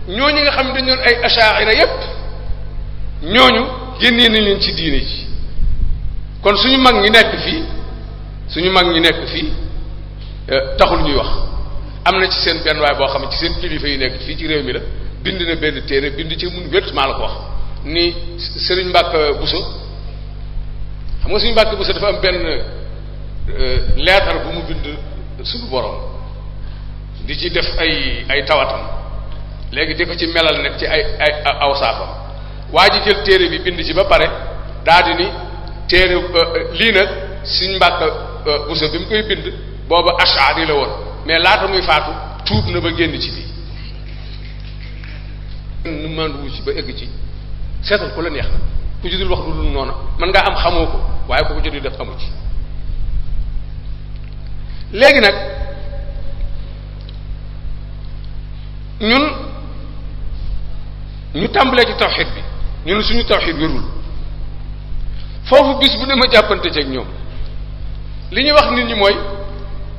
ñooñu nga xam ne dañu doon ay ashaira yépp ñooñu génnee nañ leen ci diine ji kon suñu mag ñi nekk fii suñu mag ñi nekk fii euh, taxul ñuy wax am na ci seen benn waay boo xam seen kilifa yi nekk fii ci réew mi la bind na benn téere bind ci mun wér maa la ko wax ni Serigne Mbacke Bousso xam nga suñu Mbacke Bousso dafa am benn Euh, leetar bu mu bind suñu borom di ci def ay ay tawatam léegi di ko ci melal nag ci ay ay aw saafam waa ji jël téere bi bind ci ba pare daa di ni téere euh, euh, lii nag suñ mbàkk busa bi mu koy bind boobu ashari la woon mais laata muy faatu tuub na ba génn ci bii nu manduwu ci ba egg ci seetal ku la neex na ku judul wax du dul noona mën ngaa am xamoo ko waaye ku ko judul def amu ci léegi nag ñun ñu tàmbalee ci tawxid bi ñun suñu tawxid wérul foofu bis bu ne ma jàppante ceeg ñoom li ñuy wax nit ñi mooy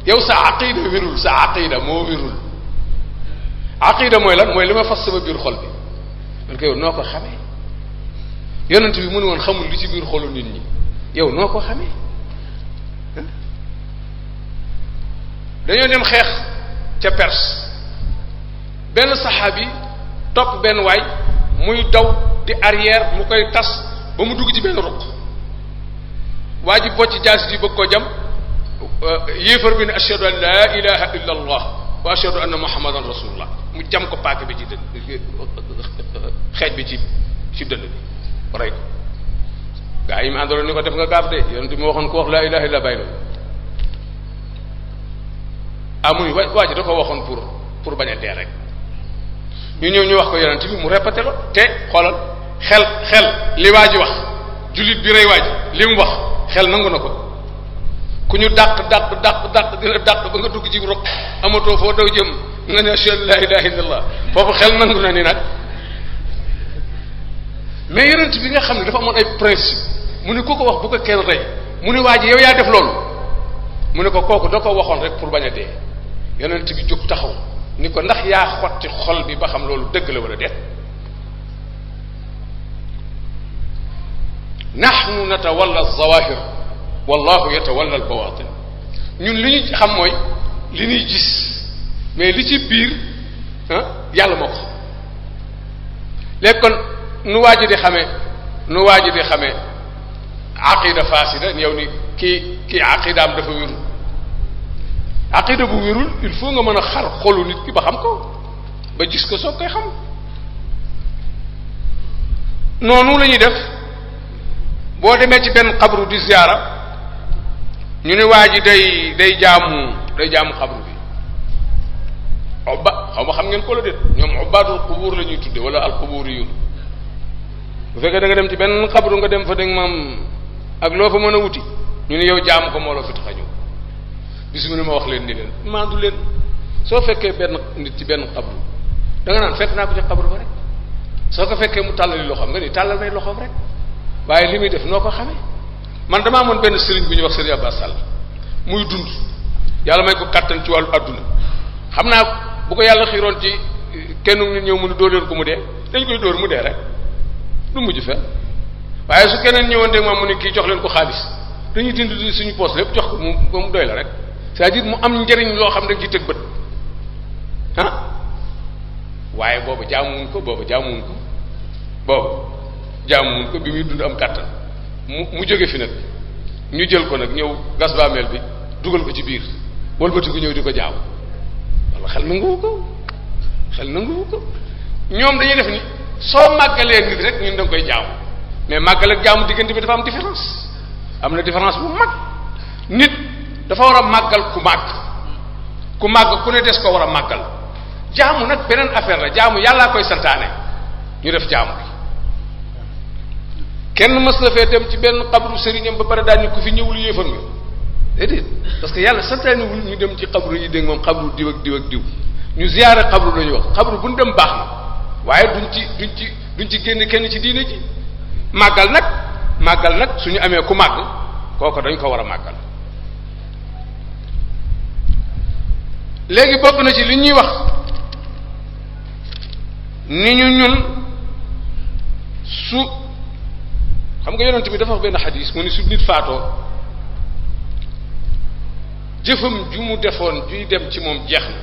yow sa aqida wérul sa aqida moo wérul aqida mooy lan mooy li ma fas sama biir xol bi man ko yow noo ko xamee yonent bi mënu woon xamul li ci biir xolu nit ñi yow noo ko xamee dañoo dem xeex ca Perse benn saxaabi topp benn waay muy taw di arrière mu koy tas ba mu dugg ci benn ruq waa ji bocc jaasi di bëgg koo jam euh, yéefar bi ne ashhadu an laa ilaha wa ashhadu anna muhammadan rasulullah mu jam ko paak bi ci dënn xeej bi ci ci dënn bi rey ko gaa yi mu àndaloon ko def nga gaaf de yonent bi ma waxoon ko wax laa ilaha illa bàyyi ah muy wa waa ji da ko waxoon pour pour bañ a dee rek ñu ñëw ñu wax ko yonent bi mu répété la te xoolal xel xel li waa ji wax jullit bi rey waa ji li mu wax xel nangu na ko ku ñu dàq dàq dàq dàq dina dàq ba nga dugg ci rok amatoo foo daw jëm nga ne ashhadu la ilaha illallah foofu xel nangu na ni nag mais yonent bi nga xam ne dafa amoon ay principe mu ne ku ko wax bu ko kenn rey mu ne waa ji yow yaa def loolu mu ne ko kooku da ko waxoon rek pour bañ a dee yonent bi jóg taxaw ni ko ndax yaa xotti xol bi ba xam loolu dëgg la wala a nahnu natawalla zawahir wallahu yatawalla al bawatin ñun li ñu xam mooy li ñuy gis mais li ci biir ah yàlla moo ko nu waa ji di xamee nu waa ji di xamee aqida fasida yow ni kii kii aqidaam dafa wéru aqida bu wérul il faut nga mën a xar xolu nit ki ba xam ko ba jis ko soo koy xam noonu la ñuy def boo demee ci benn xabru di ziyaara ñu ne waa ji day day jaamu day jaamu xabru bi obba xaw ma xam ngeen ko la déet ñoom obbaadul xubuur la ñuy tudde wala alxubuur yu bu fekkee da nga dem ci benn xabru nga dem fa dégg maam ak loo fa mën a wuti ñu ne yow jaamu ko moo la fi tax gis mu ne ma wax leen ni leen maandu leen soo fekkee benn nit ci benn xabru da nga naan fekk naa ko ci xabru ba rek soo ko fekkee mu tàllali loxoom nga ni tàllal nay loxoom rek waaye li muy def noo ko xamee man damaa amoon benn sëriñ bu ñuy wax sëriñ Abbas Sall muy dund yàlla may ko kattan ci wàllu àdduna xam naa bu ko yàlla xiiroon ci eh, kenn nit ñëw mu ne doo leen ko mu dee dañ koy dóor mu dee rek du mujj fenn waaye su keneen ñëwoon de moom mu ne kii jox leen ko xaalis dañuy dindi suñu poos lépp jox ko mu doy rek cest à mu am njëriñ loo xam ne ci tëg bët ah waaye boobu jaamuwuñ ko boobu jaamuwuñ ko boobu jaamuwuñ ko bi muy dund am kàttan mu mu jóge fi nag ñu jël ko nag ñëw gas baameel bi dugal ko ci biir wëlbati ku ñëw di ko jaaw wala xel nanguwu ko xel nanguwu ko ñoom dañuy def ni soo màggalee nit rek ñun da nga koy jaaw mais màggal ak jaamu diggante bi dafa am différence am na différence bu mag nit dafa war a màggal ku màgg ku màgg ku ne des ko war a màggal jaamu nag beneen affaire la jaamu yàllaa koy santaane ñu def jaamu bi kenn mës na fee dem ci benn xabru sëriñam ba pare daal ni ku fi ñëwul yéefar parce que yàlla santaanewul ñu dem ci xabru yi dégg moom xabru diw ak diw ak diw ñu ziyaare xabru la ñu wax xabru bu ñu dem baax na waaye duñ ci duñ ci duñ ci génn kenn ci diine ji màggal nag màggal nag su ñu amee ku màgg kooku dañ ko war a màggal léegi bokk na ci li ñuy wax ni ñu ñun su xam nga yonent bi dafa benn xadis mu su nit faatoo jëfam ju mu defoon juy dem ci moom jeex na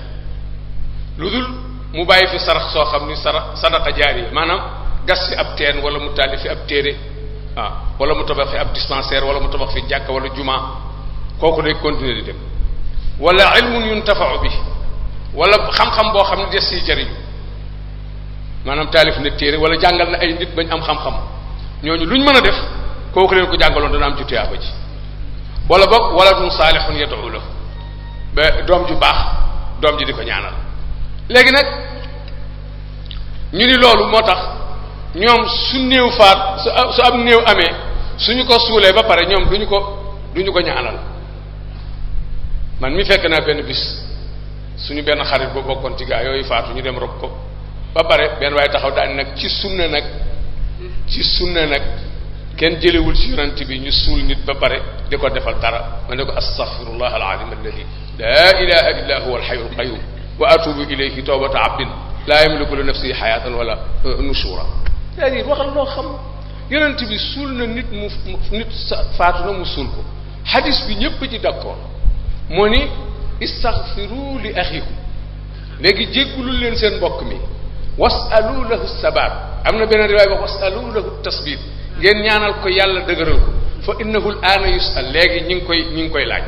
lu dul mu bàyyi fi sarax soo xam ni sara sadaqa yi maanaam gas fi ab teen wala mu taalif fi ab téere ah wala mu tabax fi ab dispensaire wala mu tabax fi jàkk wala jumaa kooku day continuer di dem wala ilmun yuntafau bi wala xam-xam boo xam ne des si jëriñ maanaam taalif na téere wala jàngal na ay nit bañ am xam-xam ñooñu ñu mën a def kooku leen ko jàngaloon dana am ci tuyaaba ji wala boog waladun saalihun yad'u lahu ba doom ju baax doom ji di ko ñaanal léegi nag ñu ni loolu moo tax ñoom su néew faat su am néew amee suñu ko suulee ba pare ñoom duñu ko duñu ko ñaanal man mi fekk naa benn bis suñu benn xarit boo bokkoon ci gaa yooyu faatu ñu dem rob ko ba pare benn waaye taxaw daal nag ci sunna nag ci sunna nag kenn jëlewul ci yonent bi ñu suul nit ba pare di ko defal tara ma ne ko astaghfirullah alalim alladi la ilaha illa huwa alxayu alqayum wa atubu ilayhi tawbata abdin laa yamliku li nafsihi xayaatan wala uh, nushura c'est-à-dire waxal loo xam yonent bi suul na nit mu nit mu suul ko xadis bi ñëpp ci d'accord moo ni istaxfiru li axikum léegi jéggulul leen seen mbokk mi wasalu lahu sabaat am na beneen riwaay wax wasalu lahu tasbit ngeen ñaanal ko yàlla dëgëral ko fa innahu l yusal léegi ñi ngi koy ñi ngi koy laaj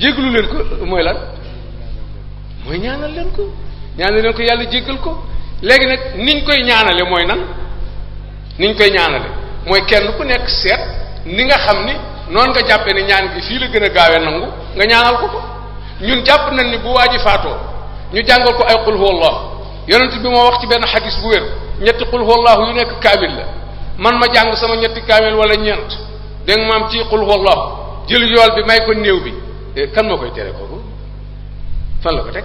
jégglu leen ko mooy lan mooy ñaanal leen ko ñaanal ko yàlla jéggal ko léegi nag niñ koy ñaanale mooy nan niñ koy ñaanale mooy kenn ku nekk seet ni nga xam ni noonu nga jàppee ne ñaan gi fii la gën a gaawee nangu nga ñaanal ko ko ñun jàpp nañ ni bu waa ji ñu jàngal ko ay qul huwallah yonent bi moo wax ci benn xadis bu wér ñetti qul huwallahu yu nekk kaamil la man ma jàng sama ñetti kaamil wala ñeent dégg nga maam ci qul huwallahu jël yool bi may ko néew bi eh, kan moo koy tere kooku fan la ko teg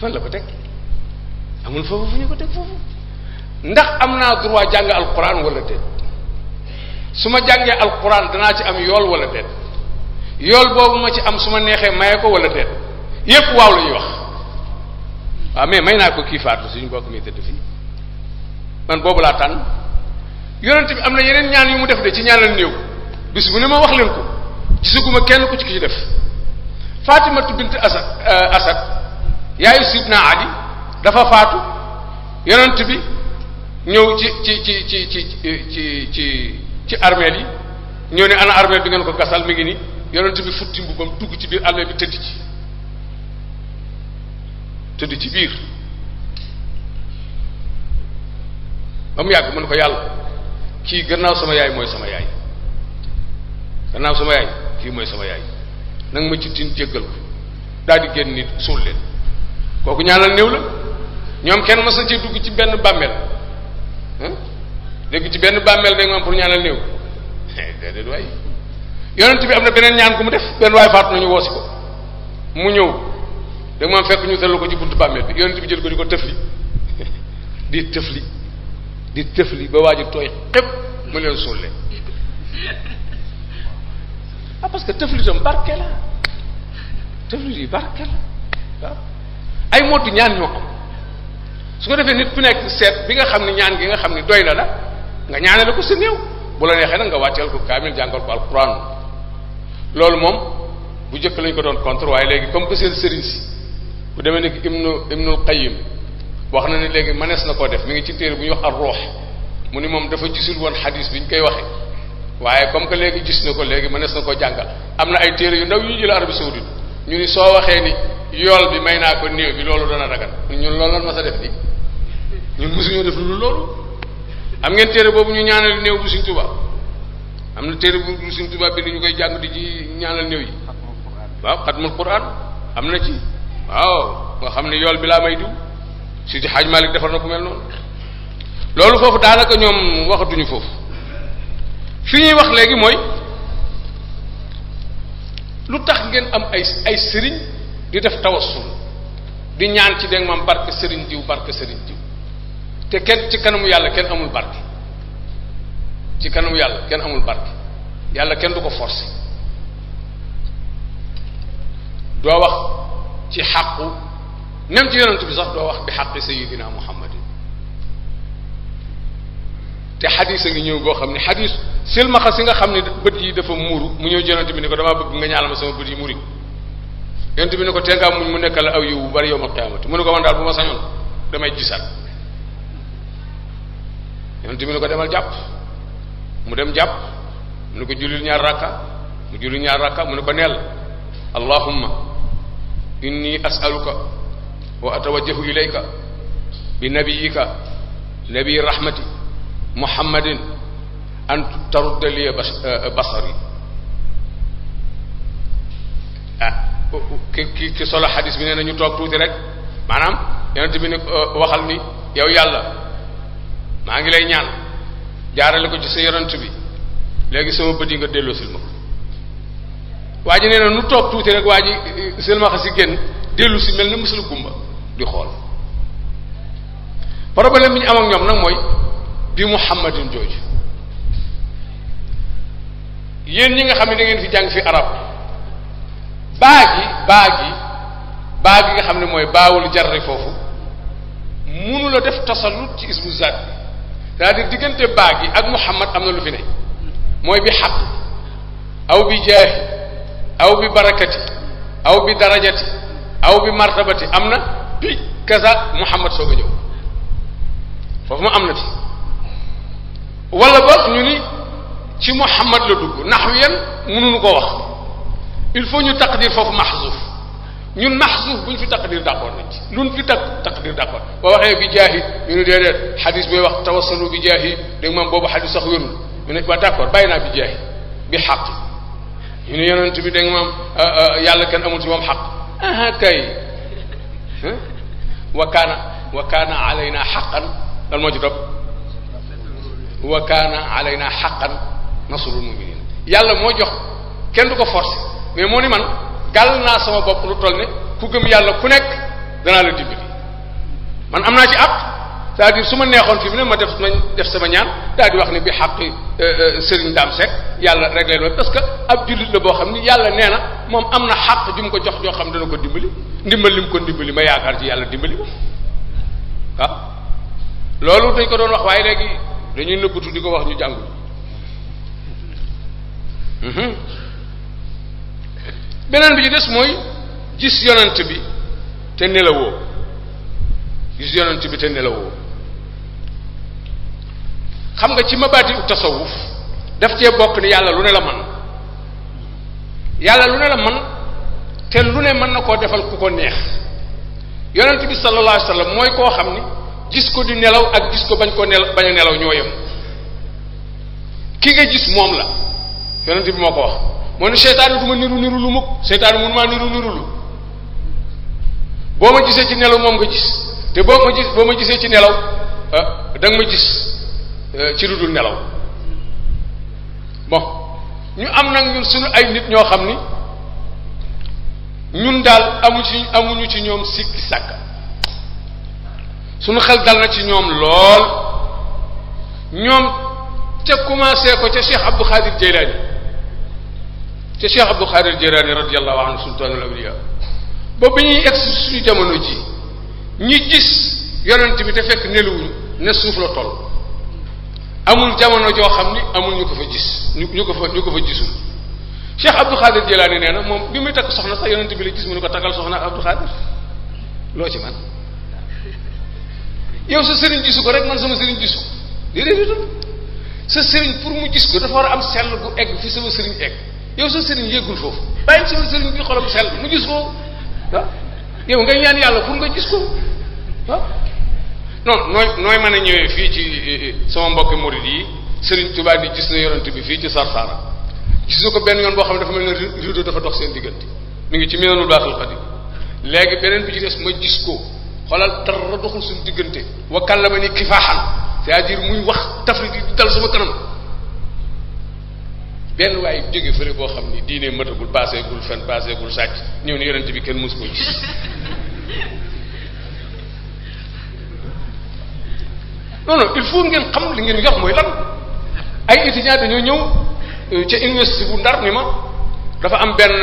fan la ko teg amul foofu fu ñu ko teg foofu ndax am naa droit jàng alquran wala déet su ma jàngee alquran danaa ci am yool wala déet yool boobu ma ci am su ma neexee maye ko wala déet yépp waaw la ñuy wax waaw mais may naa ko kii faatu suñu bokk mi tëdd fii man boobu laa tànn yonent bi am na yeneen ñaan yu mu def de ci ñaanal néew bis bu ne ma wax leen ko ma kenn ku ci ki def fatimatu bint asad euh, asad yaayu sidna ali dafa faatu yonent bi ñëw ci ci ci ci ci ci ci ci armeel yi ñoo ne ana armeel bi ngeen ko gasal mi ngi nii yonent bi futti mbubam dugg ci biir armeel bi tëdd ci tëdd ci biir ba mu yàgg mën ko yàlla kii gannaaw sama yaay mooy sama yaay gannaaw sama yaay kii mooy sama yaay nanga ma ci tin jéggal ko daal di génn nit suul leen kooku ñaanal néew la ñoom kenn mas na cee ci benn bàmmeel léegi ci benn bàmmeel rek moom pour ñaanal néew eh, déedéet bi am na beneen ñaan ku mu def benn waaye faatu nañu woosi ko mu ñëw da moom fekk ñu tëral ko ci bunt bàmmeel bi yonent bi jël ko di ko tëfli di tëfli di tëfli ba waa ji tooy xëpp mu leen suulle ah parce que tëfli tam barke la tëfli yi barke la ay mootu ñaan ñoo am su ko defee nit ku nekk seet bi nga xam ne ñaan gi nga xam ni doy na la nga ñaanale ko sa néew bu la neexee nag nga wàcceel ko kaamil jàngal ko alquran loolu moom bu njëkk lañ ko doon contre waaye léegi comme que seen sëriñ si bu demee ni ibnu ibnul qayyim wax na ne léegi mënees na koo def mu ngi ci téere bu ñu wax ar ruux mu ni moom dafa gisul woon xadis bi ñu koy waxee waaye comme que léegi gis na ko léegi mënees na koo jàngal am na ay téere yu ndaw yu jël Arabie saoudite ñu ni soo waxee ni yool bi may naa ko néew bi loolu dana dagan ñun loolu lan ma sa def di ñun mosuñoo def lu loolu am ngeen téere boobu ñu ñaanal néew bu Sëriñ Tuubaa am na téere bu Sëriñ Tuubaa bi ñu koy jàng di ci ñaanal néew yi waaw xatmul Qur'an am na ci waaw nga xam ne yool bi laa may diw Seydi xaaj Malick defar na ku mel noonu loolu foofu daanaka ñoom waxatuñu foofu fi ñuy wax léegi mooy lu tax ngeen am ay ay sëriñ di def tawassul di ñaan ci dégg maam barke sëriñ diw barke sëriñ diw te kenn ci kanamu yàlla kenn amul barke ci kanamu yàlla kenn amul barke yàlla kenn du ko forcer doo wax ci xàqu nem ci yonent bi sax doo wax bi xàqi sayidina muhammadin te xadis a ngi ñëw boo xam ne xadis silmaxa si nga xam ne bët yi dafa muuru mu ñëw yonent bi ni ko damaa bëgg ma sama bët yi muuri yonent bi ni ko te ngaa muñ mu nekkal aw yiw bu bari yowmal qiyaamati mu ne ko man daal bu ma sañoon damay gisaat yonent bi ne ko demal jàpp mu dem jàpp mu ne ko jullil ñaar rakka mu jullil ñaar rakka mu ne ko neel allahumma inni as'aluka wa atawajjahu ilayka bi nabiyika nabiy rahmati muhammadin an tarudda li eh, basari ah ki ki ki solo xadis bi nee na ñu toog tuuti rek maanaam yonent bi ne eh, waxal ni yow yàlla maa ngi lay ñaan jaarale ko ci sa yonent bi léegi sama bët yi nga delloo silma ko waa ji nee na mu toog tuuti rek waa ji silmaxa si génn dellu si mel ni mësul gumba di xool problème bi ñu am ak ñoom nag mooy bi muhammadin jooju yéen ñi nga xam ne da ngeen fi jàng fi arab baa gi baa gi baa gi nga xam ne mooy baawul jarri foofu munu def tasallut ci ismu zaat cest à diggante baa yi ak muhammad am na lu fi ne mooy bi xaq aw bi jaahi aw bi barakati aw bi darajati aw bi martabati am na bi kaza muhammad soog am na fi wala ba ñu ni ci muhammad la dugg naxwiyan mënuñu ko wax il faut ñu taqdir foofu maxsuuf ñun maxsuuf buñ fi taqdir d'accord nañ ci luñ fi takk taqdir d'accord boo waxee bi jaahi ñu ne déedéet xadis booy wax tawassalu bi jaahi dégg maam boobu xadis sax wérul ñu ne waa d'accord bàyyi naa bi jaahi bi xaq ñu ne yonent bi dégg maam ah, ah, yàlla kenn amul ci moom xaq aha kay wa kaana wa kaana alayna xaqan lan moo ci topp wa kaana alayna xaqan nasrul muminin yàlla moo jox kenn du ko forcer mais moo ni man gàll naa sama bopp lu toll ne ku gëm yàlla ku nekk danaa la dimbali man am naa ci àq cest à su ma neexoon fi mu ne ma def ma def sama ñaan daal di wax ne bi xaqi euh, euh, sëriñ daam Seck yàlla réglé ma parce que ab jullit la boo xam ni yàlla nee na moom am na xaq ju mu ko jox joo xam dana ko dimbali ndimbal li mu ko dimbali ma yaakaar ci yàlla dimbali ma ah. loolu dañ ko doon wax waaye léegi dañuy nëbbatu di ko wax ñu jàngul mm-hmm. beneen bi ci des mooy gis yonant bi te nelawoo gis yonent bi te nelawoo xam nga ci mabaati u tasawuf daf cee bokk ni yàlla lu ne la man yàlla lu ne la man te lu ne mën na koo defal ku ko neex yonent bi sallallahu alayhi wasallam mooy koo xam ni gis ko di nelaw ak gis ko bañ ko nel bañ a nelaw ñoo yem ki nga gis moom la yonent bi moo ko wax moo ne seytaane du ma niru niru lu mukk seytaane mënu maa niru niru lu boo ma gisee ci nelaw moom nga gis te boo ma gis boo ma gisee ci nelaw ah, danga nga ma gis eh, ci lu dul nelaw bon ñu am nag ñun suñu ay nit ñoo xam ni ñun daal amu amuñu ci ñoom sikki sàkk suñu xel dal na ci ñoom lool ñoom ca commencé ko ca Cheikh Abdou Khadir Jeylaani ci Cheikh Abdou Khadir Jilani radiyallahu anhu sultaanul awliya ba ñuy egg suñu jamono ji ñu gis yonent bi te fekk nelawuñu ne suuf la toll amul jamono joo xam ni amul ñu ko fa gis ñu ñu ko fa ñu ko fa gisul Cheikh Abdou Khadir Jilani nee na moom bi muy takk soxna sax yonent bi la gis mu ne ko takkal soxna Abdou Khadir loo ci man yow sa sëriñ gisu ko rek man sama sëriñ gisu ko déedéet sa sëriñ pour mu gis ko dafa war a am sell bu egg fi sama sëriñ egg yow sa sëriñ yéegul foofu bàyyi sama sëriñ bi xolam sell mu gis ko waaw ah yow ngay ñaan yàlla pour nga gis ko waaw ah non nooy nooy mën a ñëwee fii ci sama mbokki murid yi sëriñ tubaab bi gis na yorante bi fii ci Sarsara gis na ko benn yoon boo xam ne dafa mel ne rido dafa dox seen diggante mi ngi ci Minanul Baaxil Xadim léegi beneen bi ci ma gis ko xoolal dara doxul suñu diggante wa kàllama ni kifaaxan c'est-à-dire muy wax tafri di dal sama kanam benn waaye jóge fële boo xam ni diine matagul paaseegul fen paaseegul sàcc ñëw ni yonent bi kenn mus ko gis non non il faut ngeen xam li ngeen yox mooy lan ay étudiants dañuy ñëw euh, ca université bu ndar ni ma dafa am benn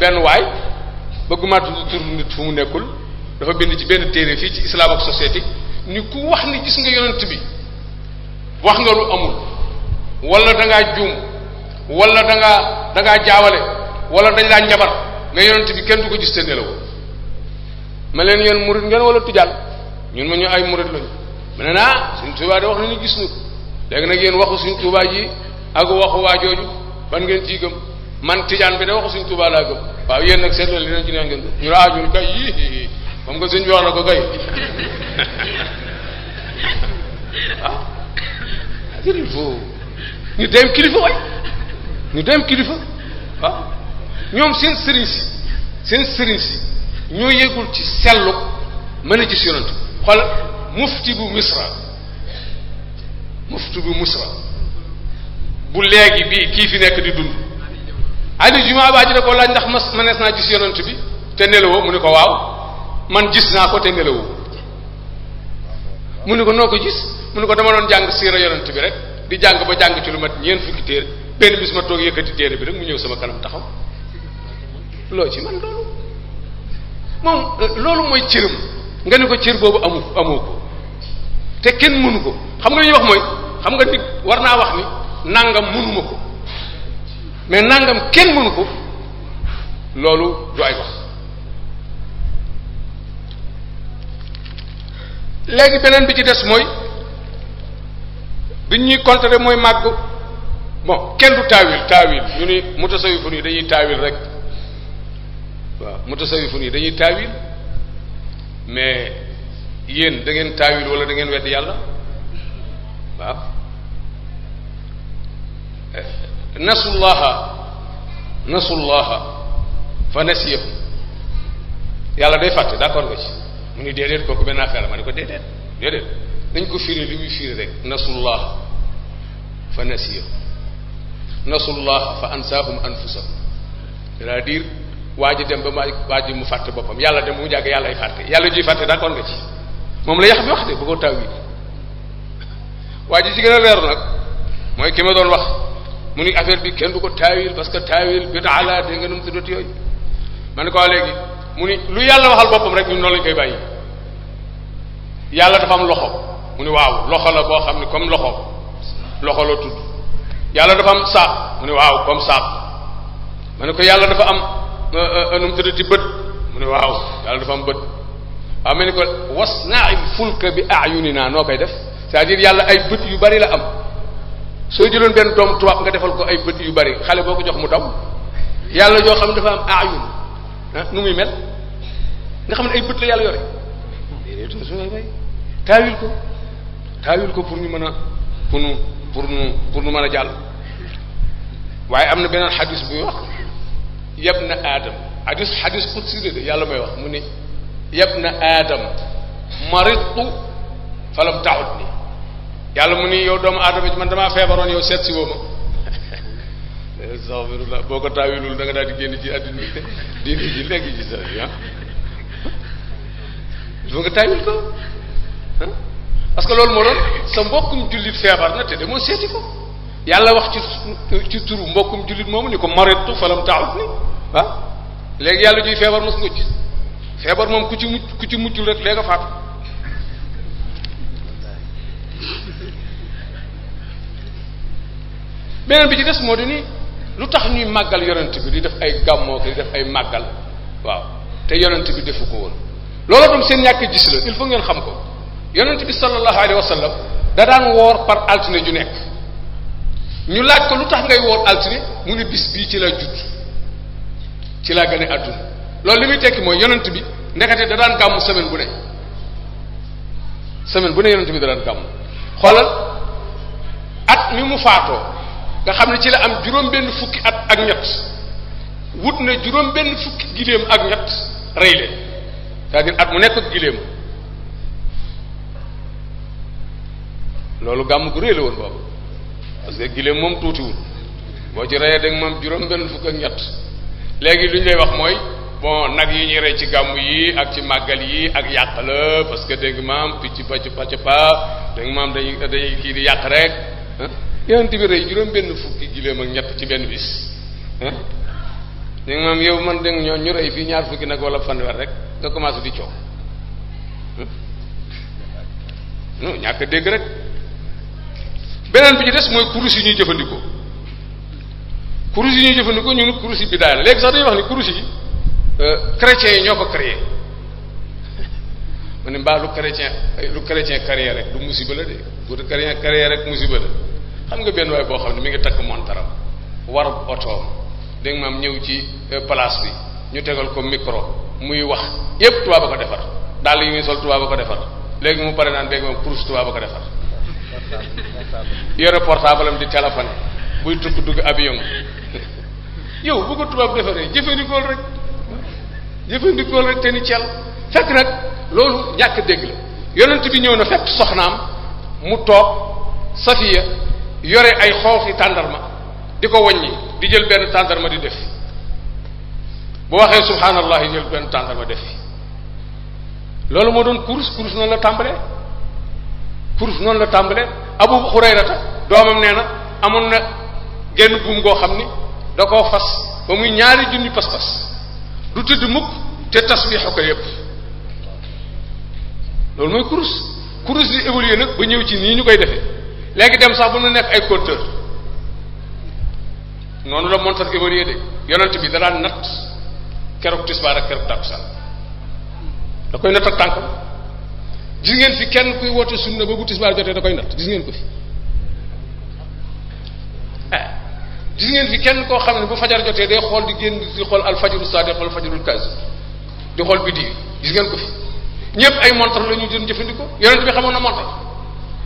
benn waay bëgguma tudd tur nit fu mu nekkul dafa bind ci benn téere fii ci islam ak société ni ku wax ni gis nga yonent bi wax nga lu amul wala dangaa juum wala da ngaa da ngaa jaawale wala dañ laa njabar nga yonent bi kenn du ko gis te nelaw ma leen yéen murit ngeen wala tujal ñun ma ñu ay murit lañu ma ne naa suñ tuubaa de wax gis ñu léegi nag yéen waxu suñ tuubaa ji ak waxu waa jooju ban ngeen ciy gëm man tijaan bi de waxu suñ tuubaa laa gëm waaw yéen nag seet la li leen ci neex ngeen gëm ñu ne ah ñun kay yii xam nga suñ bi na ko kay ah il faut ñu dem kilifa waay ñu dem kilifa waaw ñoom seen sëriñ si seen sëriñ si ñoo yëgul ci selluk mën a gis yonent xool mufti bu misra mufti bu misra bu léegi bi kii fi nekk di dund ali juma baa ji da ko laaj ndax ma mënees naa gis yonent bi te nelawoo mu ne ko waaw man gis naa ko te nelawoo mu ne ko noo ko gis mu ne ko dama doon jàng siira yonent bi rek di jàng ba jàng ci lu mat ñeent fukki téere benn bi ma toog yëkkati téere bi rek mu ñëw sama kanam taxaw loo ci man loolu moom loolu mooy cëram nga ne ko cër boobu amu amoo ko te kenn mënu ko xam nga li ñuy wax mooy xam nga nit war naa wax ni nàngam mënuma ko mais nangam kenn mënu ko loolu du wax léegi beneen bi ci des mooy bi ñuy contrer mooy màgg bon kenn du taawil taawil ñu ni mutasawifun yi dañuy taawil rek waaw mutasawifun yi dañuy taawil mais yéen da ngeen taawil wala da ngeen wedd yàlla waaw eh, nasullaha nasullaha fa nasiyahum yàlla day fàtte d'accord nga ci mu ni déedéet kooku benn affaire la ma ne ko déedéet déedéet dañ ko firi li muy firi rek nasullaha fa nasiyahum nasullaha fa ansaahum anfusahum c'est-à-dire waa ji dem ba ma waa ji mu fàtte boppam yàlla dem mu jàgg yàlla ay fàtte yàlla juy fàtte d'accord moom la yax bi wax de bëggoo taw waa ji ci leer nag mooy ki ma doon wax mu ni affaire bi kenn du ko taawil parce que taawil bi taala yooyu ma ne ko léegi mu lu yàlla waxal boppam rek ñun noonu lañ koy bàyyi yàlla dafa am loxo mu waaw loxo la boo xam ne comme loxo loxo la tudd yàlla dafa am saax mu ne waaw comme saax ma ne ko yàlla dafa am euh, euh, euh, nu mu tuddati bët mu ne waaw yàlla dafa am bët waaw ma ni ko wasna'il fulka bi a'yunina noo koy def saa à yàlla ay bët yu bari la am soo jëloon benn doom tubaab nga defal ko ay bët yu bari xale boo ko jox mu daw yàlla joo xam dafa am ayun ah mel nga xam ne ay bët la yàlla yore taawil ko taawil ko pour ñu mën a pour pour nu pour nu mën a jàll waaye am na beneen xadis buy wax yab na aadam xadis xadis qudsi la de yàlla may wax mu ne yab na aadam maritu falam taxut ni yàlla mu ni yow doomu aadama ji man damaa feebaroon yow seet si woo ma astaghfirullah boo ko taawilul da nga daal di génn ci àddina diine ji léegi ci sa ah bu nga taawil parce que loolu moo doon sa mbokkum jullit feebar na te de moo seeti ko yàlla wax ci turu mbokkum jullit moom ni ko maretu falam taxut ni ah? léegi yàlla juy feebar mos nga gis feebar moom ku ci mucc ku ci muccul rek léegi faatu beneen bi ci des moo di ni lu tax ñuy màggal yonent bi di def ay gàmmoo di def ay màggal waaw te yonent bi defu ko woon loolu tam seen ñàkk gis la il faut ngeen xam ko yonent bi sallallahu alayhi wa sallam da daan woor par altine ju nekk ñu laaj ko lu tax ngay woor altine mu ne bis bii ci la judd ci la gane àdduna loolu li muy tekki mooy yonent bi ndekete da daan gàmm semaine bu ne semaine bu ne yonent bi da daan gàmm xoolal at mi mu faatoo nga xam ne ci la am juróom-benn fukki at ak ñett wut na juróom-benn fukki giléem ak ñett rey leen cest at mu nekk ak giléem loolu gàmm gu rëy la woon boobu parce gileem moom tuutiwul boo ci reyee da nga juróom benn fukk ak ñett léegi lu ñu lay wax mooy bon nag yi ñuy rey ci gàmm yi ak ci màggal yi ak yàq la parce que dégg nga maam picc pàcc pacc pa dégg nga maam dañuy kii di yàq rek ah yonent bi rey juróom benn fukki ci benn bis ah dégg maam yow man dégg ñoo ñu rey fii ñaar fukki nag wala fanweer rek nga commencé di coow ñàkk dégg rek beneen bi ci des mooy kurus yi ñuy jëfandikoo kurus yi ñuy jëfandikoo ñun kurus yi biddaa la léegi sax dañuy wax ni kurus yi euh, chrétiens yi ñoo ko créé ma ne mbaa lu chrétien lu chrétien créé rek du musiba la de bu chrétien créé rek musiba la xam nga benn waaye boo xam ne mu ngi takk montaram war otoom dégg maam ñëw ci euh, place bi ñu tegal ko micro muy wax yépp tubaab a ko defar daal yi muy sol tubaab a ko defar léegi mu pare naan dégg nga maam kurus tubaab a ko defar. yore portable di téléphone buy tukk dugg avion yow bu ko tubaab defaree jëfandikool rek jëfandikool rek te ni cel fekk nag loolu ñàkk dégg la yonent bi ñëw na fekk soxnaam mu toog safiya yore ay xooxi tàndarma di ko waññi di jël benn tàndarma di def bu waxee subhanallah jël benn tàndarma def loolu moo doon course course na la tàmbalee furs noonu la tàmbalee abu xurayrata doomam nee na amoon na genn buum goo xam ni da koo fas ba muy ñaari junni pas-pas du tëdd mukk te tasbiixu ko yépp loolu mooy kurus kurus di évolué nag ba ñëw ci nii ñu koy defee léegi dem sax bu nu nekk ay compteur noonu la montar évolué de yonent bi da daan natt keroog tisbaar ak keroog tàkkusaan da koy natt ak tànkam gis ngeen fi kenn kuy woote sunna ba bu tisbaar jotee koy natt gis ngeen ko eh, ngeen fi kenn koo xam ne bu fajar jotee day xool di génn di xool al alfajiru saadiq wala alfajirul kaasi di xool bi di gis ngeen ko fi ñëpp ay montar la ñu doon jëfandikoo yonent bi xamoon na montar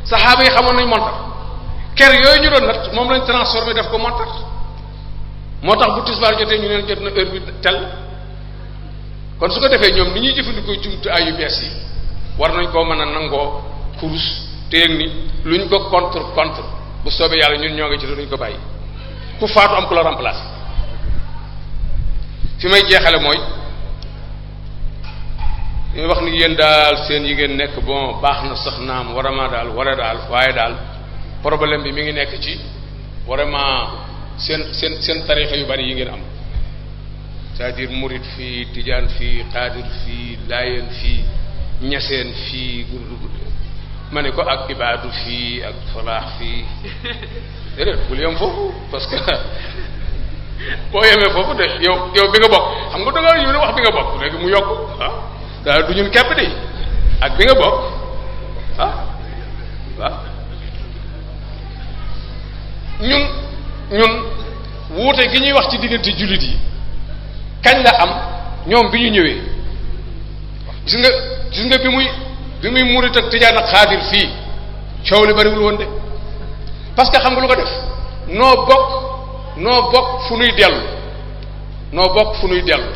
saxaaba yi xamoon nañ montar ker yooyu ñu doon natt moom lañ transformé def ko montar moo tax bu tisbaar jotee ñu neen jot na heure bi tel kon su ko defee ñoom ni ñuy jëfandikoo jumtu ay yu bees yi war nañ koo mën a nangoo kurus téeg ni luñ ko contre contre bu soobee yàlla ñun ñoo ngi ci duñ ko bàyyi ku faatu am ku la remplacer fi may jeexale mooy ñu wax ni yéen daal seen yi ngeen nekk bon baax na sax naam vraiment daal wara daal waaye daal problème bi mi ngi nekk ci vraiment seen seen seen tarixa yu bari yi ngeen am c'est-à-dire murid fii tijaan fii xaadir fii laayeen fii ñaseen fii gudd gudd ma ne ko ak ibaadu fii ak falaax fii déedéet bul yem foofu parce que boo yemee foofu de yow yow bi nga bokk xam nga dangaa yow ne wax bi nga bokk léegi mu yokk ah daal du ñun képp ak bi nga bokk ah wuute gi ñuy wax ci diggante jullit yi kañ la am ñoom bi ñu ñëwee gis nga gis bi muy bi muy murit ak tijaan ak xaadir fii coow li bariwul woon de parce que xam nga lu ko def noo bokk noo bokk fu nuy dellu noo bokk fu nuy dellu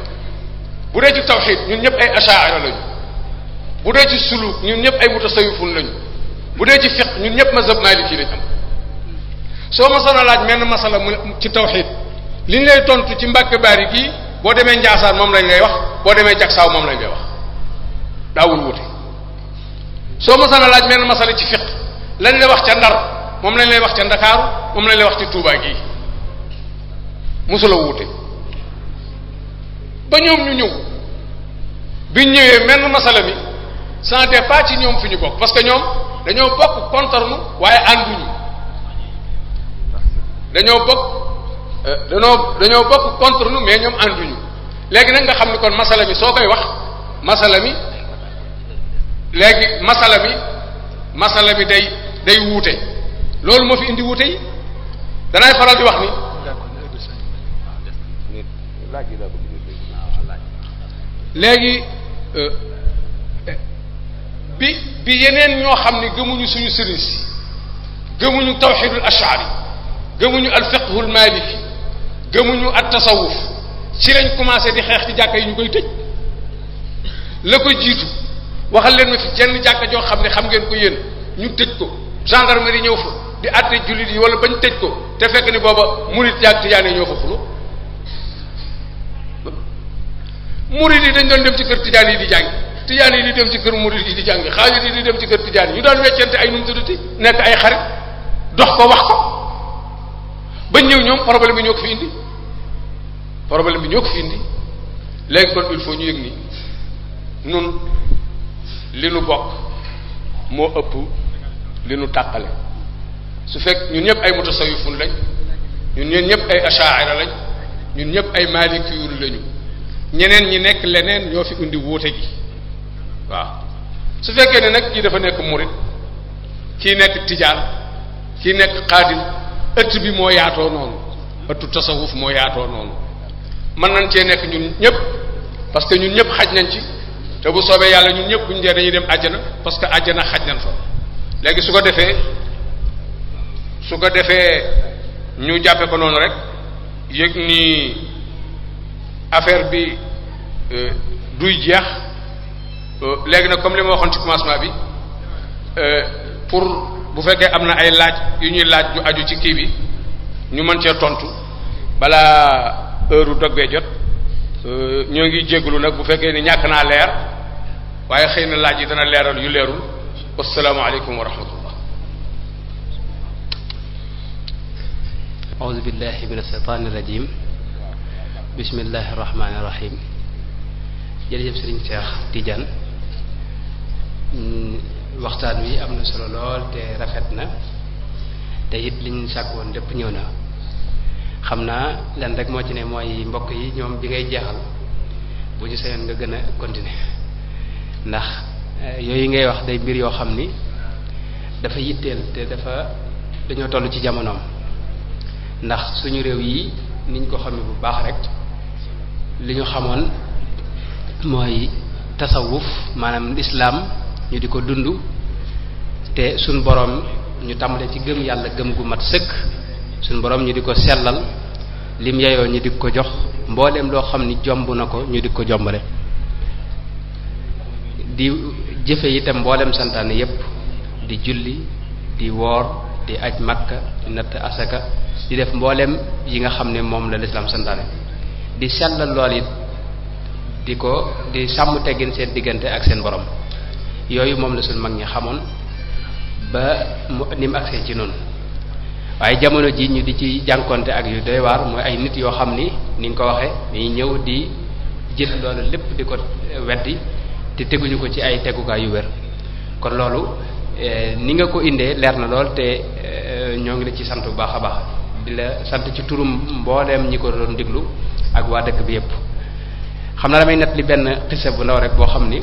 bu dee ci tawxid ñun ñëpp ay achaara lañu bu dee ci suluk ñun ñëpp ay mutasawifun lañu bu dee ci fiq ñun ñëpp mazhab maliki lañ am soo masoon a laaj menn masala mu ci tawxid li ñu lay tontu ci mbàkk baari gii boo demee Njaasaan moom lañ lay wax boo demee Jaksaaw moom lañ lay wax daawul wute soo mosaan a laaj menn masala ci fiq lañ lay wax ca ndar moom lañ lay wax ca ndakaaru moom lañ lay wax ci tuubaa gii mosula wuute ba ñoom ñu ñëw biñ ñëwee menn masala mi santé pas ci ñoom fi ñu bokk parce que ñoom dañoo bokk contornu waaye ànduñu dañoo bokk euh, dañoo dañoo bokk contre nu mais ñoom ànduñu léegi nag nga xam ni kon masala mi soo koy wax masala mi léegi masala bi masala bi day day wuute loolu moo fi indi wuute yi danay faral di wax ni léegi euh, bi bi yeneen ñoo xam ne gëmuñu suñu sëriñ si gëmuñu tawxidul ashari gëmuñu al fiqhul maliki gëmuñu at tasawuf ci lañ commencé di xeex di jàkka yi ñu koy tëj la ko jiitu waxal leen ma fi jenn jàkka joo xam ne xam ngeen ko yéen ñu tëj ko gendarmerie ñëw fa di àtte jullit yi wala bañ tëj ko te fekk ni booba murit yaag tijaane ñoo fa xulo murit yi dañ doon dem ci kër tijaan yi di jàng tijaan yi di dem ci kër murit yi di jàng xaalis yi di dem ci kër tijaan yi ñu daan weccante ay num ti nekk ay xarit dox ko wax ko ba ñëw ñoom problème bi ñoo ko fi indi problème bi ñoo ko fi indi léegi kon il faut ñu yëg ni nun li nu bokk moo ëpp li nu tàqale su fekk ñun ñëpp ay mutasawifun lañ ñun ñëpp ay ashaira lañ ñun ñëpp ay malikiyun lañu ñeneen ñi nekk leneen ñoo fi indi wuute gi waaw su fekkee ne nag kii dafa nekk murit kii nekk tijaan kii nekk xaadim ëtt bi moo yaatoo noonu ëttu tasawuf moo yaatoo noonu mën nañ cee nekk ñun ñëpp parce que ñun ñëpp xaj nañ ci te bu soobee yàlla ñun ñëpp bu ñu dee dañuy dem àjjana parce que àjjana xaj nañ fa léegi su ko defee su ko defee ñu jàppe ko noonu rek yëg ni affaire bi euh, duy jeex euh, léegi nag comme li ma waxoon ci commencement bi euh, pour bu fekkee am na ay laaj yu ñuy laaj ju aju ci kii bi ñu mën cee tontu balaa heure u dog bee jot ñoo ngi jégalu nag bu fekkee ni ñàkk naa leer waaye xëy na laaj yi dana leeral yu leerul wasalaamualeykum wa rahmatullah auzu billahi min asheytaani irajim bismillahi irrahmani irrahim jërëjëf sëriñ Cheikh Tidiane mm, waxtaan wi am na solo lool te rafet na te it li ñu lépp ñëw na xam naa lenn rek moo ci ne mooy mbokk yi ñoom bi ngay jeexal bu ñu sañoon nga gën a continuer ndax eh, yooyu ngay wax day mbir yoo xam ni dafa yitteel te dafa dañoo toll ci jamonoom ndax suñu réew yi niñ ko xamee bu baax rek li ñu xamoon mooy tasawuf maanaam islaam ñu di ko dund te suñ boroom ñu tàmbalee ci gëm yàlla gëm gu mat sëkk suñ boroom ñu di ko sellal lim yeyoo ñu di ko jox mbooleem loo xam ni jomb na ko ñu di ko jombale di jëfe itam mboolem santaane yépp di julli di woor di aj makka di natt asaka di def mboolem yi nga xam ne moom la lislaam santaane di sellal lool it di ko di sàmm teggin seen diggante ak seen borom yooyu moom la suñ mag ñi xamoon ba mu ni mu agsee ci noonu waaye jamono ji ñu di ci jànkonte ak yu doy waar mooy ay nit yoo xam ni ni nga ko waxee dañuy ñëw di jël loolu lépp di ko weddi te teguñu ko ci ay tegukaay yu wér kon loolu eh, ni nga ko indee leer na lool te eh, ñoo ngi la ci sant bu baax a baax di la sant ci turum mbooleem ñi ko doon diglu ak waa dëkk bi yépp xam naa damay net li benn xisa bu ndaw rek boo xam ni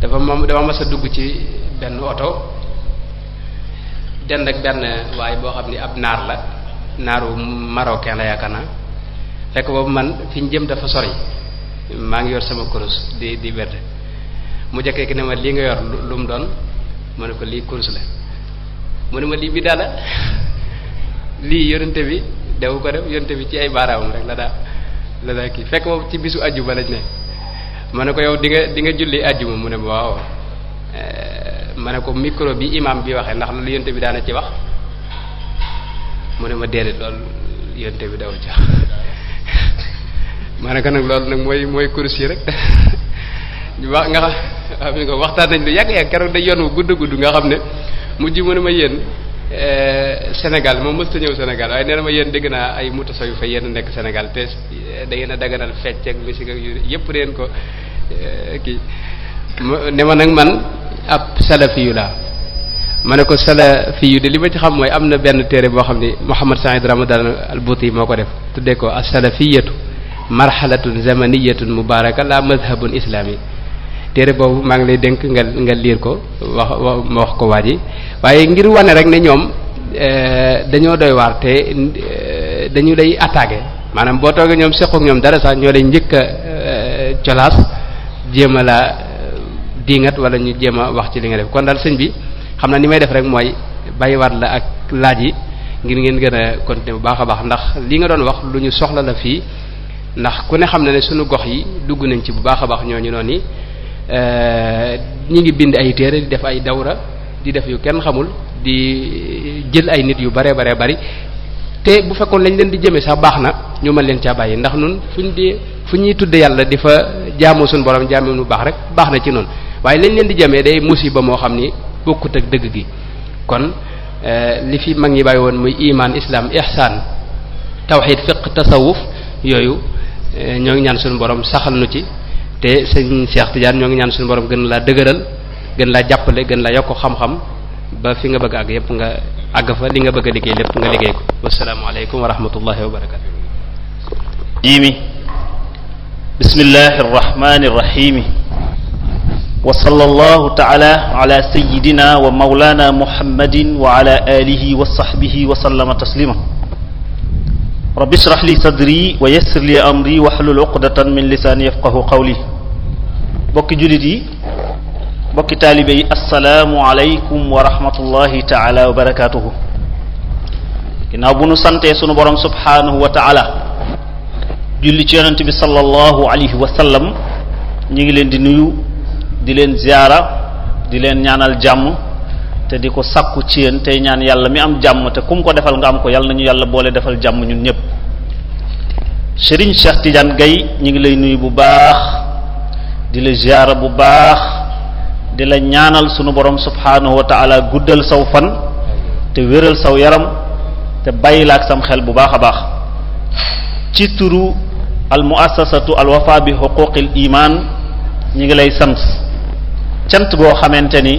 dafa moom dama mas dugg ci benn oto dend ak benn waaye boo xam ni ab naar la naaru marocain la yaakaar naa fekk boobu man fi ñu jëm dafa sori maa ngi yor sama kurus di di wedd mu jëkkee ki ne ma lii nga yor lu mu doon ma ne ko lii course la mu ne ma lii bi daala lii yonente bi dewu ko def yonente bi ci ay baaraamam rek la daa la daa kii fekk boobu ci bisu àjjuma lañ ne man ne ko yow dinga nga di nga julli àjjuma mu ne ma waaw eh, ma ne ko micro bi imam bi waxee ndax loolu yonte bi daana ci wax mu ne ma déedéet loolu yonte bi daw ci wax ma ne ko nag loolu nag mooy mooy course yi rek wax nga xam ne ko waxtaan nañ lu yàgg yàgg keroog day yoon wu gudd gudd nga xam ne mujj mu ne ma yéen eh, Sénégal moom mësta ñëw Sénégal waaye nee na ma yéen dégg naa ay mutasaw yu fa yéen nekk senegal te eh, da ngeen a daganal fecc ak musique ak yëpp reen ko eh, kii ne ma nag man ab salafi yu laa ma ne ko salafi yu de li ma ci xam mooy am na benn téere boo xam ni Mouhamad Saïd Ramadan al-Bouti moo ko def tuddee ko as-salafiyatu marhalatun zamaniyatun mubaraka la madhabun islami téere boobu maa ngi lay dénk nga nga liir ko wax ma wax ko waa ji waaye ngir wane rek ne ñoom eh, dañoo doy waar te eh, dañu lay attaqué maanaam boo toogee ñoom seqoog ñoom dara sax ñoo lay njëkk a eh, colaas jéem a la diingat wala ñu jéem a wax ci li nga def kon dal sëñ bi xam na ni may def rek mooy bàyyiwaat la ak laaj yi ngir ngeen gën a continuer bu baax a baax ndax li nga doon wax lu ñu soxla la fii ndax ku ne xam na ne sunu gox yi dugg nañ ci bu baax a baax ñooñu noonu Euh, ñu ngi bind ay téere di def ay dawra di def yu kenn xamul di jël ay nit yu bare bare bari te bu fekkoon lañ leen di jëmee sa baax na ñu mën leen caa bàyyi ndax nun fu ñu di fu ñuy tudde yàlla di fa jaamoo suñu borom jaamee nu baax rek baax na ci noonu waaye lañ leen di jëmee day musiba moo xam ni bokkut ak dëgg gi kon euh, li fi mag ñi bàyyi woon muy iman islam ihsaan tawxid fiq tasawuf yooyu euh, ñoo ngi ñaan suñu borom saxal nu ci te sëñ Cheikh Tidiane ñoo ngi ñaan suñu borom gën laa dëgëral gën laa jàppale gën laa yokk xam-xam ba fi nga bëgg àgg yépp nga àgg fa li nga bëgg a liggéey lépp nga liggéey ko wa wasalaamualeykum wa rahmatullahi wa barakatu imi bismillahi arrahmani irrahimi wa sallallahu taala ala sayidina wa maulana muhammadin wa ala alihi wa sahbihi wa sallama taslima rabbi israh li sadri wa yassir li amri wahlul uqdatan min lisaani yafqahu qawli bokki jullit yi bokki taalibe yi assalaamu aleykum wa rahmatullahi taala wa barakaatuhu ginnaaw bu nu santee sunu borom subhaanahu wa taala julli ci yonent bi sallallahu alayhi wa sallam ñu ngi leen di nuyu di leen ziyaara di leen ñaanal jàmm te di ko sàkku ci yéen tey ñaan yàlla mi am jàmm te kum ko defal nga am ko yàlla ñu yàlla boole defal jàmm ñun ñëpp Serigne Cheikh Tidiane gay ñu ngi lay nuyu bu baax di la ziyaara bu baax di la ñaanal sunu borom subhaanahu wa taala guddal saw fan te wéral saw yaram te bàyyi la ak sam xel bu baax a baax ci turu al muassasatu al wafa bi xuquqil iman ñu ngi lay sant cant boo xamante ni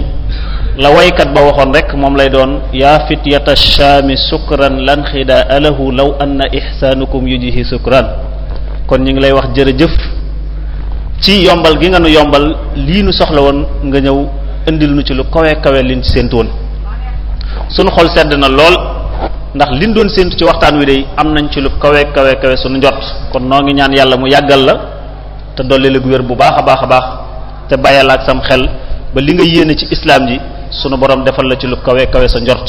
la woykat ba waxoon rek moom lay doon yaa fityata shaami sukran lan xidaa alahu law anna ihsaanukum yujihi sukran kon ñu ngi lay wax jërëjëf ci yombal gi nga nu yombal lii nu soxla woon nga ñëw indi nu ci lu kawe kawe liñ ci séentu woon sunu xol sedd na lool ndax liñ doon séentu ci waxtaan wi de am nañ ci lu kawe kawe kawe sunu njot kon noo ngi ñaan yàlla mu yàggal la te dolli la gu wér bu baax a baax a baax te bàyyal ak sam xel ba li nga yéene ci islam ji sunu borom defal la ci lu kawe kawe sa njort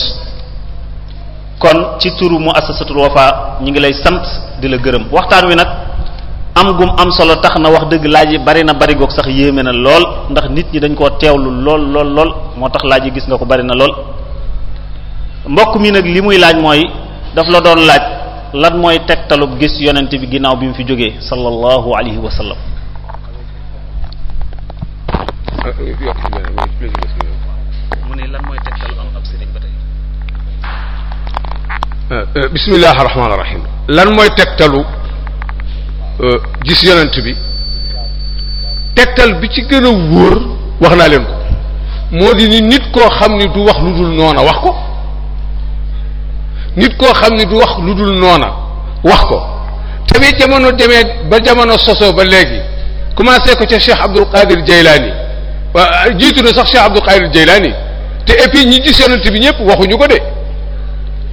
kon ci turu mu assasatul wafa ñu ngi lay sant di la gërëm waxtaan wi nag am gum am solo tax na wax dëgg laaj yi bari na bari goog sax yéeme na lool ndax nit ñi dañ koo teewlu lool lool lool moo tax laaj yi gis nga ko bari na lool mbokk mi nag li muy laaj mooy daf la doon laaj lan mooy tegtalu gis yonent bi ginnaaw bi mu fi jógee sallallahu alayhi wa sallam lan mooy tegtalu am ab sëriñ ba tey. Euh, euh, bisimilah rahmaani rahim lan mooy tegtalu euh, gis yonent bi tegtal bi ci gën a wóor wax naa leen ko moo di ni nit koo xam ni du wax lu dul noona wax ko nit koo xam ni du wax lu dul noona wax ko te bi jamono demee ba jamono soso ba léegi commencé ko ca Cheikh Abdul Qadir Jaylaani waa jiitu na sax Cheikh Abdul Qadir Jaylaani te et ñi gis yonent bi ñëpp waxuñu ko de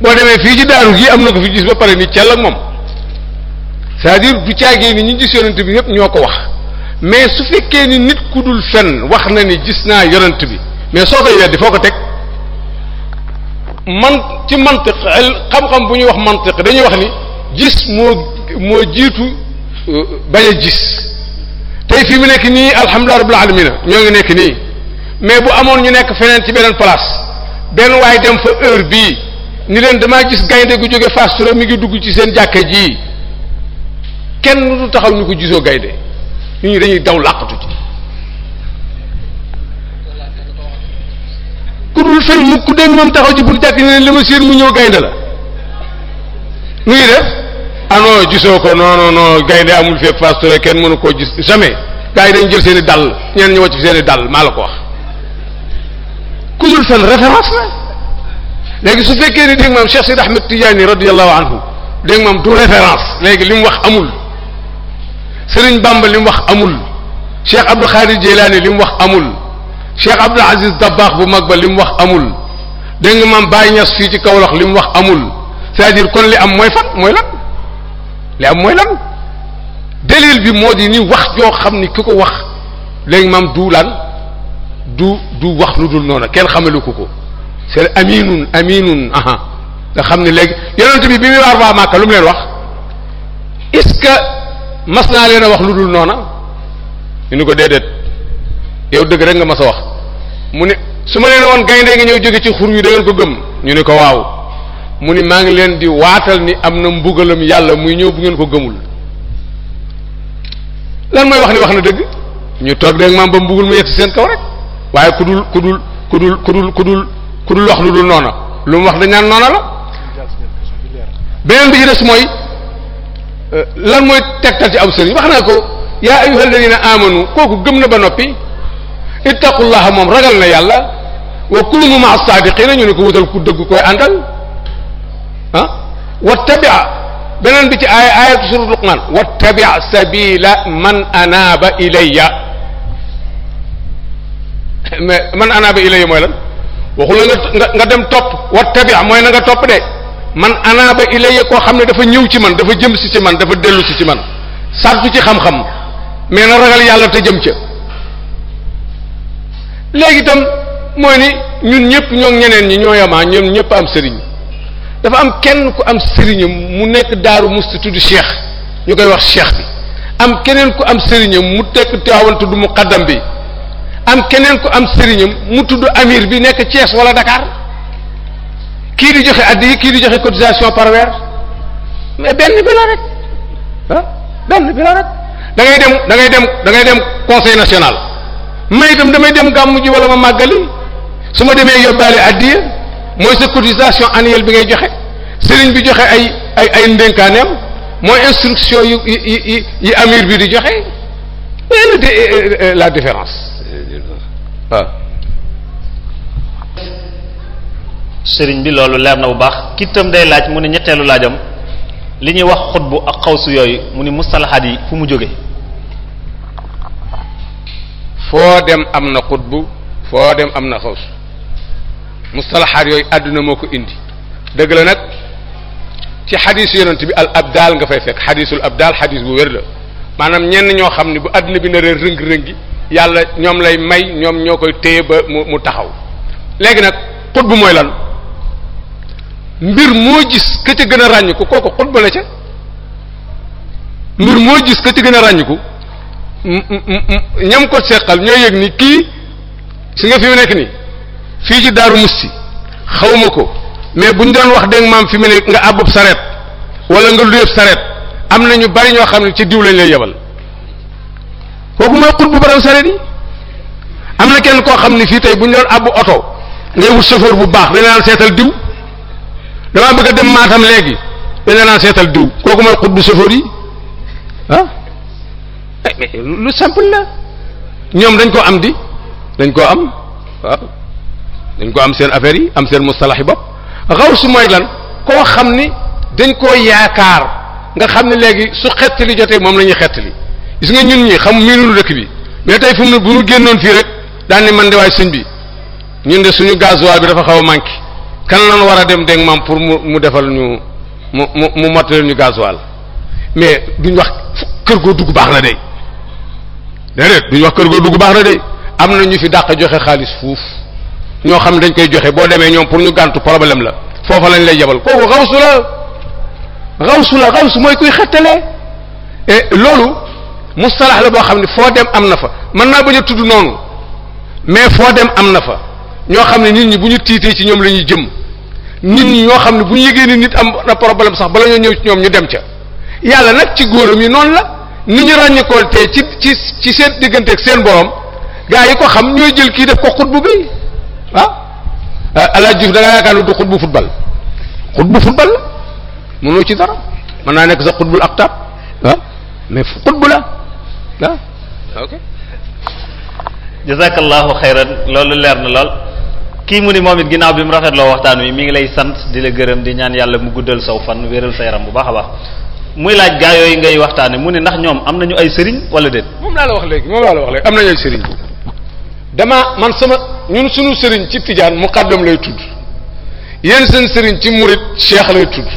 boo demee fii ci daaru gi am na ko fi gis ba pare ni cell ak moom saa à dire du caagee ni ñi gis yonent bi ñëpp ñoo ko wax mais su fekkee ni nit ku dul fenn wax na ni gis naa yonent bi mais soo koy weddi foo ko teg man ci mantiq xam-xam bu ñuy wax mantiq dañuy wax ni gis moo moo jiitu euh, bañ a gis tey fi mu nekk nii alhamdulilah rabbil alamina ñoo ngi nekk nii mais bu amoon ñu nekk feneen ci beneen place benn waay dem fa heure bii ni leen damaa gis gaynde gu jóge Fass Touré mi ngi dugg ci seen jàkke ji kenn du taxaw ñu ko gisoo gaynde nit dañuy daw làqatu ci ku ku dem moom taxaw ci bu jàkk ne li ma séen mu ñëw gaynde la nu ñuy def anoo ah gisoo ko non non non gaynde amul fépp Fass kenn mënu koo gis jamais gars yi dañ jël seen i dàll ñeen ñu wàcc fi seen i dàll maa la ko wax ku dul fen référence la léegi su fekkee ni dégg maam Cheikh Sidi Ahmed Tidiane radiyallahu anhu dégg maam du référence léegi li mu wax amul Serigne Bamba li mu wax amul Cheikh Abdou Khadir Jilani mu wax amul Cheikh Abdou Aziz Dabakh bu mag ba li mu wax amul dégg nga maam Baye fii ci Kaolack li mu wax amul c'est-à-dire kon li am mooy fan mooy lan li am mooy lan dalil bi moo di ni wax joo xam ni ki ko wax léegi maam du lan du du wax lu dul noonu kenn xamalu ko ko c'est aminun aminun aha nga xam ne léegi yonent bi bi muy waar waa Màkka lu mu leen wax est mas naa leen a wax lu dul noona ñu ni ko déedéet yow dëgg rek nga mas a wax mu ne su ma leen woon gaynde nga ñëw jóge ci xur wi da ngeen ko gëm ñu ne ko waaw mu ni maa ngi leen di waatal ni am na mbugalam yàlla muy ñëw bu ngeen ko gëmul lan mooy wax ni wax na dëgg ñu toog dégg maam ba mbugal mu yegg seen kaw rek waaye ku ku dul ku dul ku ku dul ku dul wax lu dul noona lu mu wax dañ naan noona la bi ci mooy euh, lan mooy tegtal ci ab sëriñ wax naa ko yaa gëm na ba noppi ittaqullaha moom ragal na yàlla wa kunu maa ne ku dëgg koy àndal ah wa tabia beneen bi ci aaya aayatu sura Luqman wa tabia sabila man anaaba ilayya mais man anaaba yi mooy lan waxul la nga nga dem topp wa tabia mooy na nga topp de man anaaba ilayya koo xam ne dafa ñëw ci man dafa jëm si ci man dafa dellu si ci man sartu ci xam-xam mais na ragal yàlla te jëm ca léegi itam mooy ni ñun ñëpp ñoo ñeneen ñi ñoo yamaa ñoom ñëpp am sëriñ dafa am kenn ku am sëriñam mu nekk daaru musti tudd cheikh ñu koy wax cheikh bi am keneen ku am sëriñam mu tekk teewantu du mu xaddam bi am keneen ku am sëriñam mu tudd amir bi nekk Thiès wala Dakar kii di joxe addi yi kii di joxe cotisation par weer mais benn bi la rek ah benn bi da ngay dem dangay dem conseil national may itam damay dem gàmmu ji wala ma màggali su ma demee yóbbaale yi mooy sa cotisation annuelle bi ngay joxe sëriñ bi joxe ay ay ay ndénkaaneem mooy instruction yu yi yi amir bi di joxe euh, euh, euh, la différence waaw sëriñ bi loolu leer na bu baax kii itam day laaj mu ne ñetteelu laajam li ñuy wax xutbu ak xawsu yooyu mu ni mustalaxaat yi fu mu jóge foo dem am na xutbu foo dem am na xawsu mustalaxaat yooyu àdduna moo ko indi dëgg la nag ci xadiisu yonent bi al daal nga fay fekk xadiisul abdal xadiis bu wér la maanaam ñenn ñoo xam ne bu àdduna bi na réer rëng-rëngi yàlla ñoom lay may ñoom ñoo koy téye ba mu mu taxaw léegi nag bu mooy lan mbir moo gis ka ca gën a ràññiku kooku xutba la ca mbir moo gis ka ca gën a ràññiku ñam ko seqal ñoo yëg ni kii si nga fi mu nekk ni fii ci Daaru Musti xawma ko mais bu ñu doon wax dégg maam fi mu ne nga àbbub sareet wala nga luyëb sareet am na ñu bari ñoo xam ne ci diw lañ lay yebal kooku mooy xut bu borom sareet am na kenn koo xam ne fii tey bu ñu doon abbu oto ngay wut bu baax dañ seetal diw damaa bëgg a dem maatam léegi dañ naan seetal diw kooku mooy xut bu chauffeur yi ah? eh, lu simple la ñoom dañ koo am di dañ koo am dañ ko am seen affaire yi am seen mustalaxi bopp xaw su mooy lan koo xam ni dañ koo yaakaar nga xam ne léegi su xett li jotee moom la ñuy xett li gis nga ñun ñi xam miinunu dëkk bi mais tey fu mu ne bu ñu génnoon fii rek daan man de waay sëñ bi ñun de suñu gasoil bi dafa xaw a manqué kan lan war a dem dégg maam pour mu mu defal ñu mu mu mu mottaleen ñu gasoil mais duñ wax kër goo dugg baax na de déedéet duñ wax kër goo dugg baax na de am na ñu fi dàq joxe xaalis fuuf ñoo xam dañ koy joxe boo demee ñoom pour ñu gàntu problème la foofa lañ lay yebal kooku xawsu la xawsu la xawsu mooy kuy xettale loolu mustalax la boo xam ne foo dem am na fa mën naa bañ a tudd noonu mais foo dem am na fa ñoo xam ne nit ñi bu ñu tiitee ci ñoom la ñuy jëm nit ñi ñoo xam ne bu ñu yëgee ni nit am na problème sax bala ñoo ñëw ci ñoom ñu dem ca yàlla nag ci góoram yi noonu la ni ñu ràññikool tey ci ci ci seen digganteeg seen borom gaa yi ko xam ñooy jël kii def ko xutbu bi ah, ah ala Diouf da nga yaakaar ne du futbal football xutbu football la mënoo ci dara mën naa nekk sa xutbul aqtab ah ah ok jazakallahu xayran loolu leer na lool kii mu ni moom it ginnaaw bi mu rafet loo waxtaan wi mi ngi lay sant di la gërëm di ñaan yàlla mu guddal saw fan wéral sa yaram bu baax a baax muy laaj gaa yooyu ngay waxtaane mu ne ndax ñoom am nañu ay sëriñ wala déet. moom laa la wax léegi moom laa la wax léegi am nañu ay sëriñ damaa man sama ñun suñu sëriñ ci tijaan muqaddam lay tudd yéen seen sëriñ ci murit cheikh lay tudd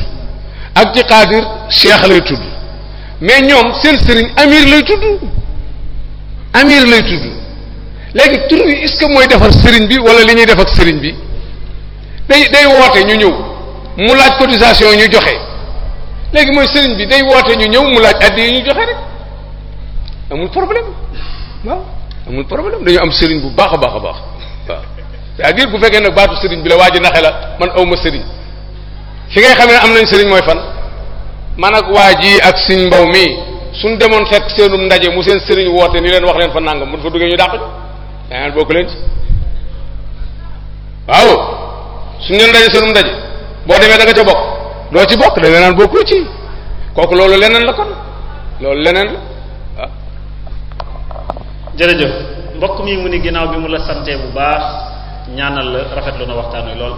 ak ci xaadir cheikh lay tudd mais ñoom seen sëriñ amir lay tudd amir lay tudd léegi tur bi est que mooy defar sëriñ bi wala li ñuy def ak sëriñ bi day day woote ñu ñëw mu laaj cotisation ñu joxe léegi mooy sëriñ bi day woote ñu ñëw mu laaj addi yi ñu joxe rek amul problème amul problème dañu am sëriñ bu baax a baax a baax waaw cest bu fekkee nag baatu sëriñ bi la waa ji naxe la man awma sëriñ fi ngay xamee am nañ sëriñ mooy fan man ak waa ji ak suñ mbaw mi suñ demoon fekk seenum ndaje mu seen sëriñ woote ni leen wax leen fa nangam bu fa duggee ñu dàq daan eh, bokk leen boo demee da bokk doo ci bokk da nga naan bokkoo ci kooku loolu leneen la kon loolu leneen la ah. jërëjëf mbokk mi mu ni ginnaaw bi mu la santee bu baax ñaanal la rafetlu na waxtaan wi lool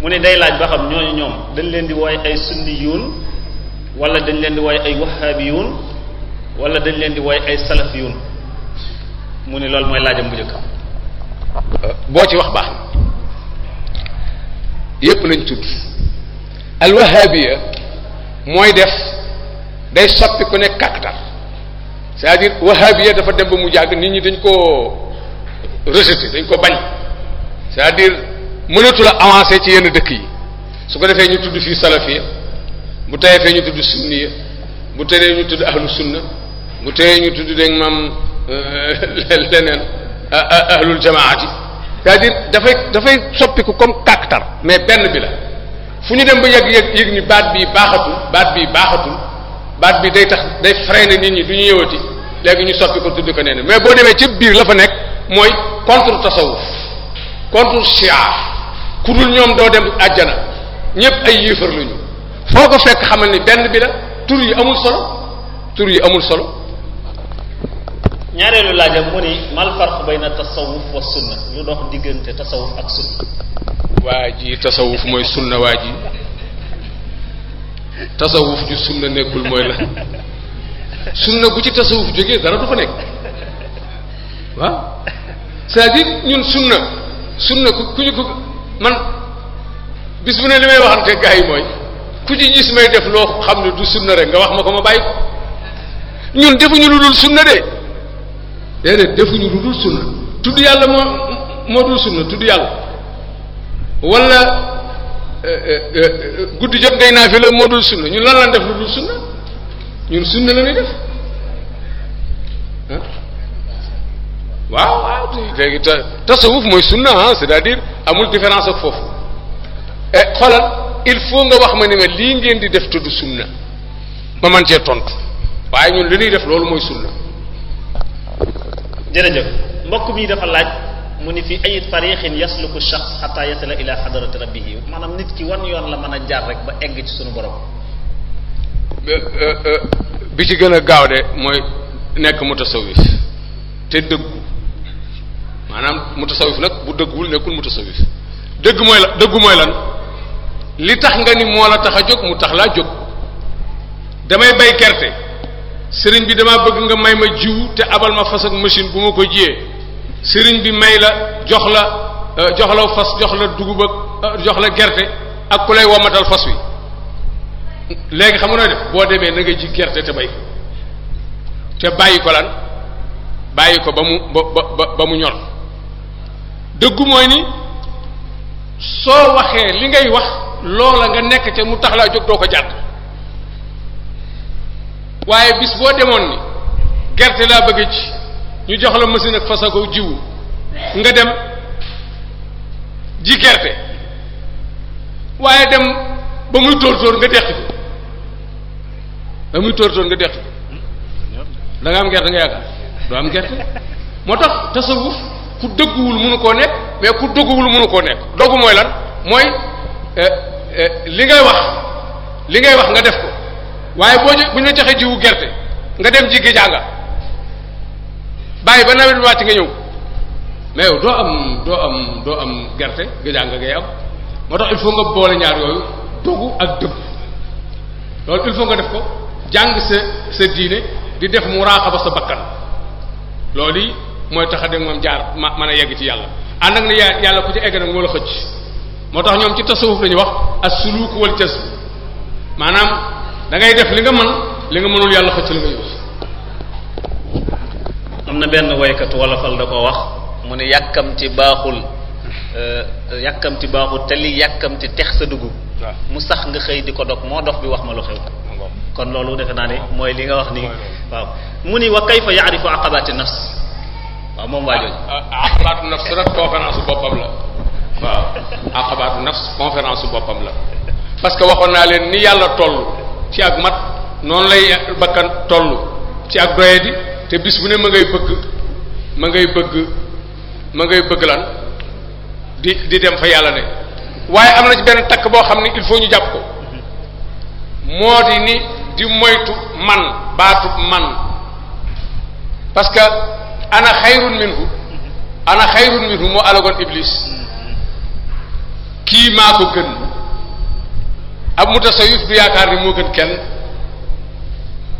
mu ne day laaj ba xam ñooñu ñoom dañ leen di wooye ay sunni yuun wala dañ leen di wooye ay wahabiyun wala dañ leen di woy ay salafiyun mu ni loolu mooy laajam bu njëkk boo ci wax baax yépp lañ tudd al wahabiya mooy def day soppi ku nekk kàkkatar c'est-à-dire dafa dem ba mu jàgg nit ñi dañ koo rejeté dañ ko bañ cest à mënatul a avancer ci yenn dëkk yi su ko defee ñu tudd fii salafiya bu tawee fee ñu tudd sunniya bu teree ñu tudd ahlu sunna bu teree ñu tudd dégg maam euh, leneen ahlul jamaati c'est-à-dire dafay dafay soppiku comme kàktar mais benn bi la fu ñu dem ba yëg yëg yëg ni baat bi baaxatul baat bi baaxatul baat bi day tax day freiné nit ñi du ñu ñëwati léegi ñu soppi ko tudd ko nee mais boo demee ci biir la fa nekk mooy contre tasawuf contre shia ku dul ñoom doo dem àjjana ñépp ay yéefar lañu foo ko fekk xamal ni benn bi la tur yi amul solo tur yi amul solo ñaareelu laajam mu ni mal farq bayna tasawuf wa sunna lu dox diggante tasawuf ak sunna waa ji tasawuf mooy sunna waa ji tasawuf ju sunna nekkul mooy la sunna ku ci tasawuf jógee dara du fa nekk waaw cest à ñun sunna sunna ku ku ñu ko man bis bu ne li may waxante gaa yi mooy ku ci gis may def loo xam ne du sunna rek nga wax ma ko ma bàyyi ko ñun defuñu lu dul sunna de déedéet defuñu lu dul sunna tudd yàlla moo moo dul sunna tudd yàlla wala euh, euh, euh, guddi jot day naa fi la moo dul sunna ñun lan lan def lu dul sunna ñun sunna la ñuy def waaw waaw léegi mooy sunna ah c'est-à-dire amul différence ak foofu eh, xoolal il faut nga wax ma ni lii ngeen di def tudd sunna ma man cee tontu waaye ñun li nuy def loolu mooy sunna jërëjëf mbokk mi dafa laaj mu ni fi ay tariixin yasluku shaxs xataa yasila ila xadarati rabbihi maanaam nit ki wan yoon la mën a jaar rek ba egg ci sunu borom e, e, bi ci gën a gaaw de mooy nekk mutasawif te dëggu maanaam mutasawif nag bu dëgguwul nekkul mutasawif dëgg mooy la dëggu mooy lan li tax nga ni moo la tax a jóg mu tax laa jóg damay bay gerte sëriñ bi dama bëgg nga may ma jiw te abal ma fas ak machine bu ma ko jiyee sëriñ bi may la jox la euh, jox la fas jox la dugub ak euh, jox la gerte ak ku lay womatal fas wi léegi xam nga def boo demee na ji gerte te bay te bàyyi ko lan bàyyi ko ba mu ba ba ba mu ñor dëggu mooy ni soo waxee li ngay wax loola nga nekk ca mu tax laa jóg doo ko jàpp waaye bis boo demoon ni gerte laa bëgg ci ñu jox la machine ak fasago jiwu nga dem ji gerte waaye dem ba muy tóor tóor nga deqi ko ba muy tóor tóor am gerte nga yaakaar doo am gerte moo tax tasawuf ku dëgguwul mënu koo nekk mais ku dëgguwul mënu koo nekk doggu mooy lan mooy eh, Eh, li ngay wax li ngay wax nga def ko waaye boo bu ñu la jiwu gerte nga dem ji gi jànga bàyyi ba nawet bi wàcc nga ñëw mais yow doo am doo am doo am gerte gi jànga ngay am moo tax il faut nga boole ñaar yooyu dogu ak dëgg loolu il faut nga def ko jàng sa sa diine di def mu muraqaba sa bakkan loolu yi mooy tax a dem moom jaar ma mën a yegg ci yàlla ànd ak ne yàlla ku ci egg nag moo xëcc moo tax ñoom ci tasawuf lañu wax as-suluk wal jazb maanaam dangay def li nga mën li nga mënul yàlla xëcc la nga yóbbu. am na benn woykat wolofal da ko wax mu ne yàkkamti baaxul euh, yàkkamti baaxul te li yàkkamti tex sa dugub. mu sax nga xëy di ko dog moo dox bi wax ma lu xew. kon loolu defe naa ne mooy li nga wax nii waaw mu ni wa kayfa ya'rifu aqabati nafs waaw moom waa jooju. Ah, ah, la. waaw aqabaatu nafs conférence su boppam la parce que waxoon naa leen ni yàlla toll ci ak mat noonu lay bakkan toll ci ak doyadi te bis bu ne ma ngay bëgg ma ngay bëgg ngay bëgg lan di di dem fa yàlla ne waaye am na ci benn takk boo xam ne il faut ñu jàpp ko moo di ni di moytu man baatu man parce que ana xayrun minhu ana xayrun minhu moo alagoon iblis kii maa ko gën ab mutasawif du yaakaar ni moo gën kenn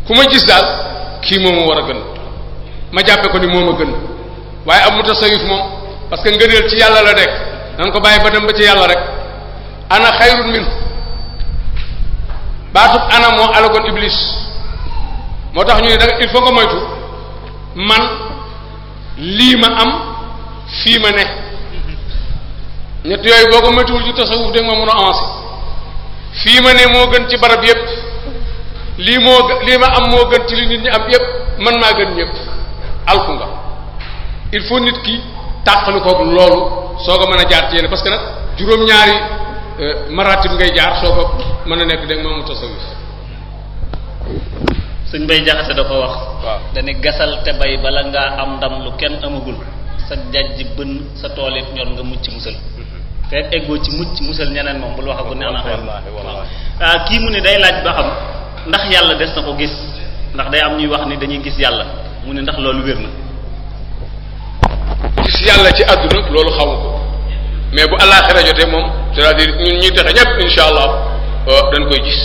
ku ma gis daal kii moom moo war a gën ma jàppe ko ni moom a gën waaye ab mutasawif moom parce que ngëneel ci yàlla la nekk na ko bàyyi ba dem ba ci yàlla rek ana xayrun min baatub ana moo alagoon iblis moo tax ñu ne danga il faut nga moytu man lii ma am fii ma ne ñett yooyu boo ko méttiwul ci tasawuf de nga mën a avancé fii ma ne moo gën ci barab yépp lii moo lii ma am moo gën ci li nit ñi am yépp man maa gën ñépp alku nga il faut nit ki tàqali koog loolu soo ko mën a jaar ci yéen parce que nag juróom-ñaari euh, maratib ngay jaar soo ko mën a nekk dégg nga moomu tasawuf suñ bay jaxase da ko wax waaw dani gasal te bay bala ngaa am ndam lu kenn amagul sa jajj bënn sa toolit ñor nga mucc musal fekk eggoo ci mucc musal ñeneen moom bul waxagul neex na xool waaw ah, kii mu ne day laaj ba xam ndax yàlla des na ko gis ndax day am ñuy wax ni dañuy gis yàlla mu ne ndax loolu wér na yàlla ci àdduna loolu xamu ko mais bu àllaaxira jotee moom c'est-à-dire ñun ñuy texe ñëpp insha allah euh, dañ koy gis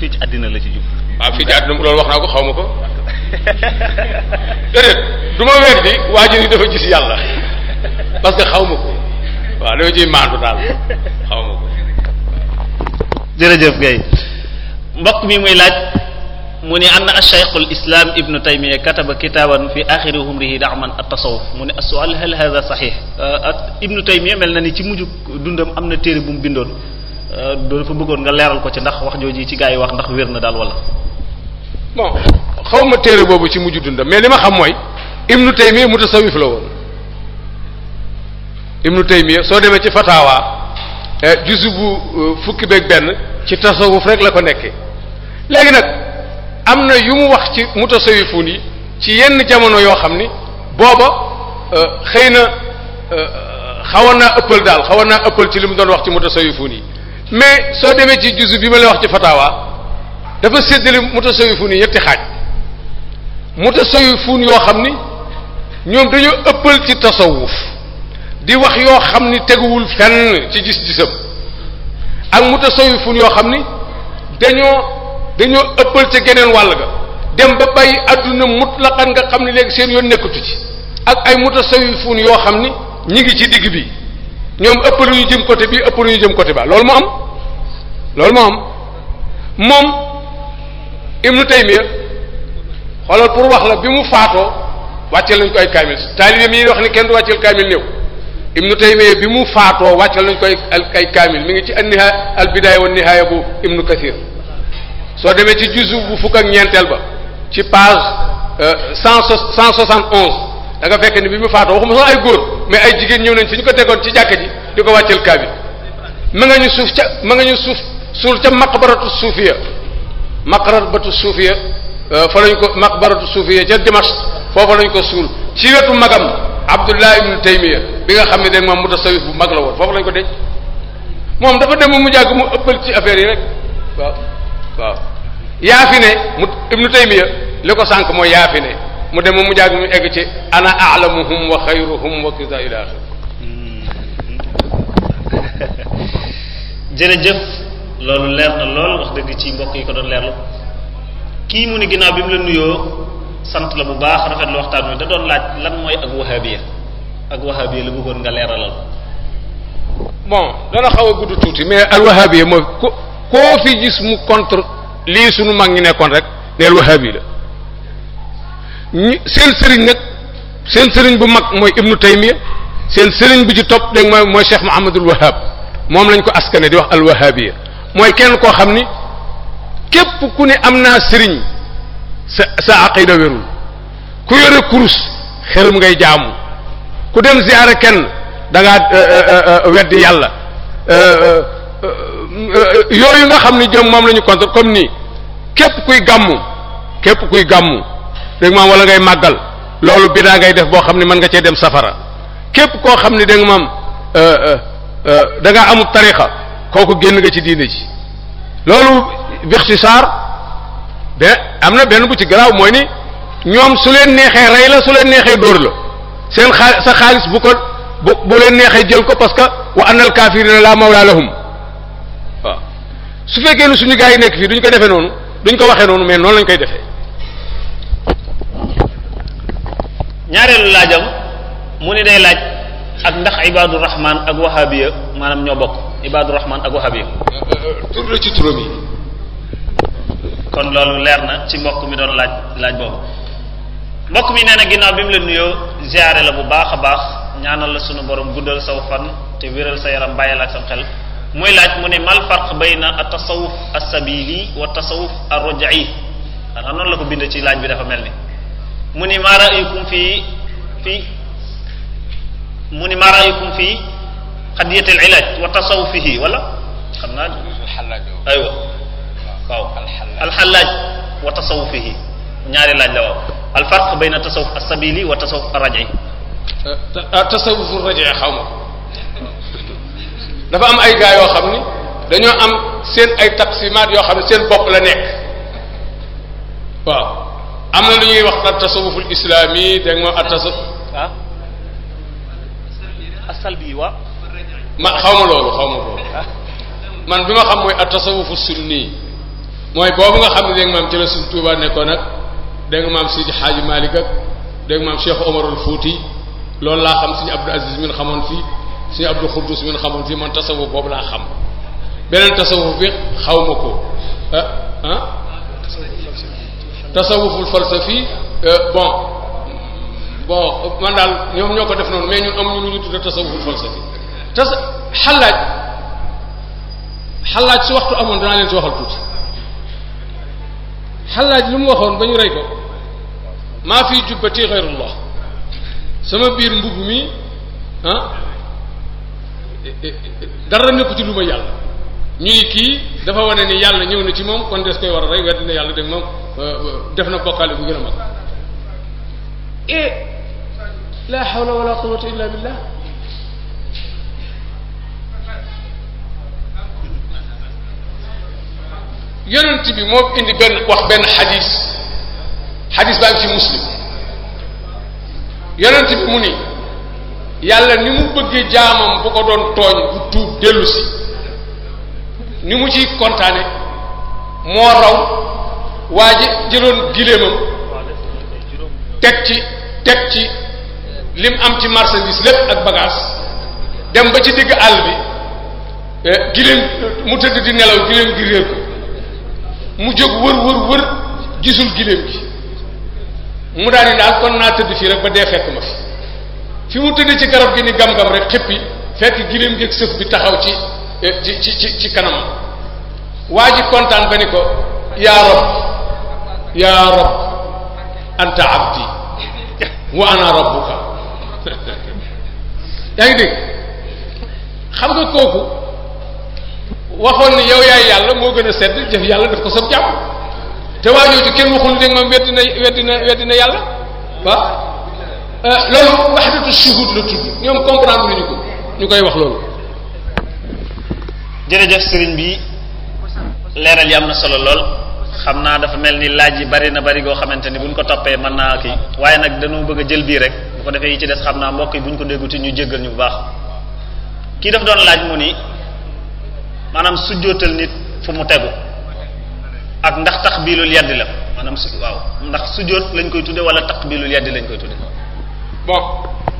fii ci àddina la ci jub waaw ah, fii ci àdduna loolu wax naa ko xaw ma ko déedéet du ma weer di waa ji ni dafa gis yàlla parce que xaw ma ko waaw dama ciy maandu daal xaw ma ko. jërëjëf gay mbokk mi muy laaj mu ne anna ashaykhul islam ibnu taymiya kataba kitaaban fi axiri umrihi daaman at tasawuf mu ne assual hal hada saxiix euh, ibnu taymiya mel na ni ci mujj dundam am na téere bu mu bindoon euh, doo fa bëggoon nga leeral ko ci ndax wax jooju ci gaa yi wax ndax wér na daal wala. bon xaw téere boobu ci mujj dundam mais li ma xam mooy ibnu taymiya mutasawif la woon. ibnu taymiya soo demee ci fatawa eh, juzu bu eh, fukki beeg benn ci tasawuf rek la ko nekkee léegi nag am na yu mu wax ci mutasawifun yi ci yenn jamono yoo xam ni booba eh, xëy na xawoon naa ëppal daal xawoon naa ëppal ci li mu doon wax ci mutasawifun yi mais soo demee ci juzu bi ma lay wax ci fatawa dafa séddale mutasawifun yi ñetti xaaj mutasawifun yoo xam ni ñoom dañu ëppal ci tasawuf di wax yoo xam ni teguwul fenn ci gis-gisam ak mutasawifun yoo xam ni dañoo dañoo ëppal ca geneen wàll ga dem ba bàyyi adduna mutlaqan nga xam ni léegi seen yoon nekkatu ci ak ay mutasawifun yoo xam ni ñi ngi ci digg bi ñoom ëppaluñu jëm côté bi ëppaluñu jëm côté ba loolu moo am loolu moo am moom ibnu taymiya xoolal pour wax la bi mu faatoo wàcce lañ ko ay kaamil taalibe mi wax ni kenn du wàcceel kaamil néew ibnu taymiya bi mu faatoo wàccal nañ koy ay kaamil mi ngi ci anniha al bidaaya wa nihaaya bu ibnu kathir soo demee ci juzu bu fukk ak ñeenteel ba ci page euh, cent cent soixante onze da nga fekk ni bi mu faatoo waxuma sax ay góor mais ay jigéen ñëw nañ fi ñu ko tegoon ci jàkka ji di ko wàcceel kaamil ma nga ñu suuf ca ma nga ñu suuf suul ca maqbaratu suufiya maqbaratu suufiya euh, fa lañ ko maqbaratu suufiya ca Dimash foofa lañ ko suul ci wetu magam abdullah ibnu taymiya bi nga xam ne dañ moom mutasawif bu mag la woon foofu lañ ko denc moom dafa dem mu jàgg mu ëppal ci affaire yi rek waaw waaw yaa ne mu ibnu taymiya li ko sànq mooy yaa fi ne mu dem mu jàgg mu egg ci ana alamuhum wa xayruhum wa kisa ila axir jërëjëf loolu leer na lool wax dëgg ci mbokk yi ko doon leerlu kii mu ni ginnaaw bi mu la nuyoo sant la bu baax rafet lu waxtaan wi da doon laaj lan mooy ak wahabiya ak wahabiya la bëggoon nga la bon dana xaw a gudd tuuti mais al wahabiya mooy ko koo fi gis contre lii sunu mag ñi nekkoon rek neel wahabi la ñi seen sëriñ nag seen sëriñ bu mag mooy ibnu taymiya seen sëriñ bu ci topp dégg mooy mooy cheikh mahamadul wahab moom lañ ko askane di wax al wahabiya mooy kenn koo xam ni képp ku ne am naa sëriñ sa sa aqida wérul ku yore kurus xelum ngay jaamu ku dem ziyaara kenn danga ngaa euh, euh, euh, weddi yàlla yooyu nga xam ni jëm moom la ñu contre comme nii képp kuy gàmmu képp kuy gàmmu dégg maam wala ngay màggal loolu bidaa ngay def boo xam ne mën nga cee dem safara képp koo xam ne dégg maam da ngaa amul tarixa kooku génn nga ci diine ji loolu bixtisaar be am na benn bu ci garaaw mooy ni ñoom su leen neexee rey la su leen neexee dóor la seen xaa sa xaalis bu ko bu bu leen neexee jël ko parce que wa annal kaafirina la mawla lahum su fekkee ne suñu gars yi nekk fii duñ ko defee noonu duñ ko waxee noonu mais noonu lañ koy defee ñaareelu laajam mu ne day laaj ak ndax ibaadu rahman ak wahabiya maanaam ñoo bokk ibaadu rahman ak wahabiya euh, euh, euh, tur ci turam yi kon loolu leer na ci mbokk mi doon laaj laaj boobu mbokk mi nee na ginnaaw bi mu la nuyoo ziare la bu baax a baax ñaanal la sunu borom guddal saw fan te wéral sa yaram bàyyil ak sa laaj mu ne mal farq bayna at tasawuf as-sabili wa tasawuf ar-raj'i ci laaj bi dafa mel ni mu ni maa ra'aykum fii fii mu ni maa ra'aykum fii qadiyatul ilaj wa xam naa aywa waaw alxallaaj wa tasawufihi ñaari laaj la waaw alfarq bayna tasawuf asabili wa tasawuf arraji tasawuf raje xaw ma dafa am ay gaa yoo xam ni dañoo am seen ay taqsimaat yoo xam ne seen bopp la nekk waaw am na lu ñuy wax ak tasawuful islami dégg nga ak tasawuf ah asalbi wa ma xaw ma loolu xaw ma loolu man bi ma xam mooy ak tasawufu sunni mooy boobu nga xam ne dégg nga maam ci la Sëriñ Tuubaa nekkoon ak dégg nga maam Seydi Xaaji Maalik ak dégg nga maam Cheikh Omarul Fuuti loolu laa xam suñu Abdou Aziz min xamoon fii Sëriñ Abdou Xuddus min xamoon fii man tasawuf boobu laa xam beneen tasawuf bi xaw ma ko ah ah tasawuful falsafi euh, bon bon man daal ñoom ñoo ko def noonu mais ñun amuñu lu ñu tudde tasawuful falsafi tas xalaaj xalaaj su waxtu amoon danaa leen si waxal tuuti laaj lu mu waxoon ba ñu rey ko maa fi jubbati xeyrullah sama biir mbubb mi ah dara nekku lu ma yàlla ñu kii dafa wane ni yàlla ñëw na ci moom kon des koy war a rey wedd na yàlla dégg moom def na bokkaale bu gën a mag e eh, la hawla wala quwwata illa billah yonent bi moo indi benn wax benn xadis xadis baa ngi ci muslim yonent bi mu ni yàlla ni mu bëggee jaamam bu ko doon tooñ bu tuub dellu si ni mu ciy kontaane moo raw waa ji jëloon giléemam teg ci teg ci lim am ci marchandise lépp ak bagage dem ba ci digg àll bi eh, giléem mu tëdd di nelaw giléem gi réer ko mu jóg wër wër wër gisul giléem mu daal di daal kon naa tëdd fii rek ba dee fekk ma fi fi mu tëdd ci garab gi ni gam-gam rek xippi fekk giléem gi ak sëf bi taxa eh, ci ci ci ci kanamam kontaan ba ni ko yaa rab yaa rab anta abdi wa ana rabbuka yaa ngi nga kooku waxoon ne yow yaay yàlla moo gën a sedd jëf yàlla daf ko sab jàmm te waa jooju kenn waxul ne moom weddi na weddi na weddi na yàlla waaw euh, loolu ñoom comprendre ñu koy wax loolu jërëjëf sëriñ bi leeral yi am na solo lool xam naa dafa mel ni laaj yi bari na bari goo xamante ni buñ ko toppee mën naa ki waaye nag dañoo bëgg jël bii rek bu ko defee yi ci des xam naa mbokk yi buñ ko dégguti ñu jéggal ñu bu baax kii daf doon laaj mu nii maanaam sujjootal nit fu mu tegu ak ndax taqbilul yaddi la maanaam su waaw ndax sujjoot lañ koy tudde wala taqbilul yaddi lañ koy tudde bon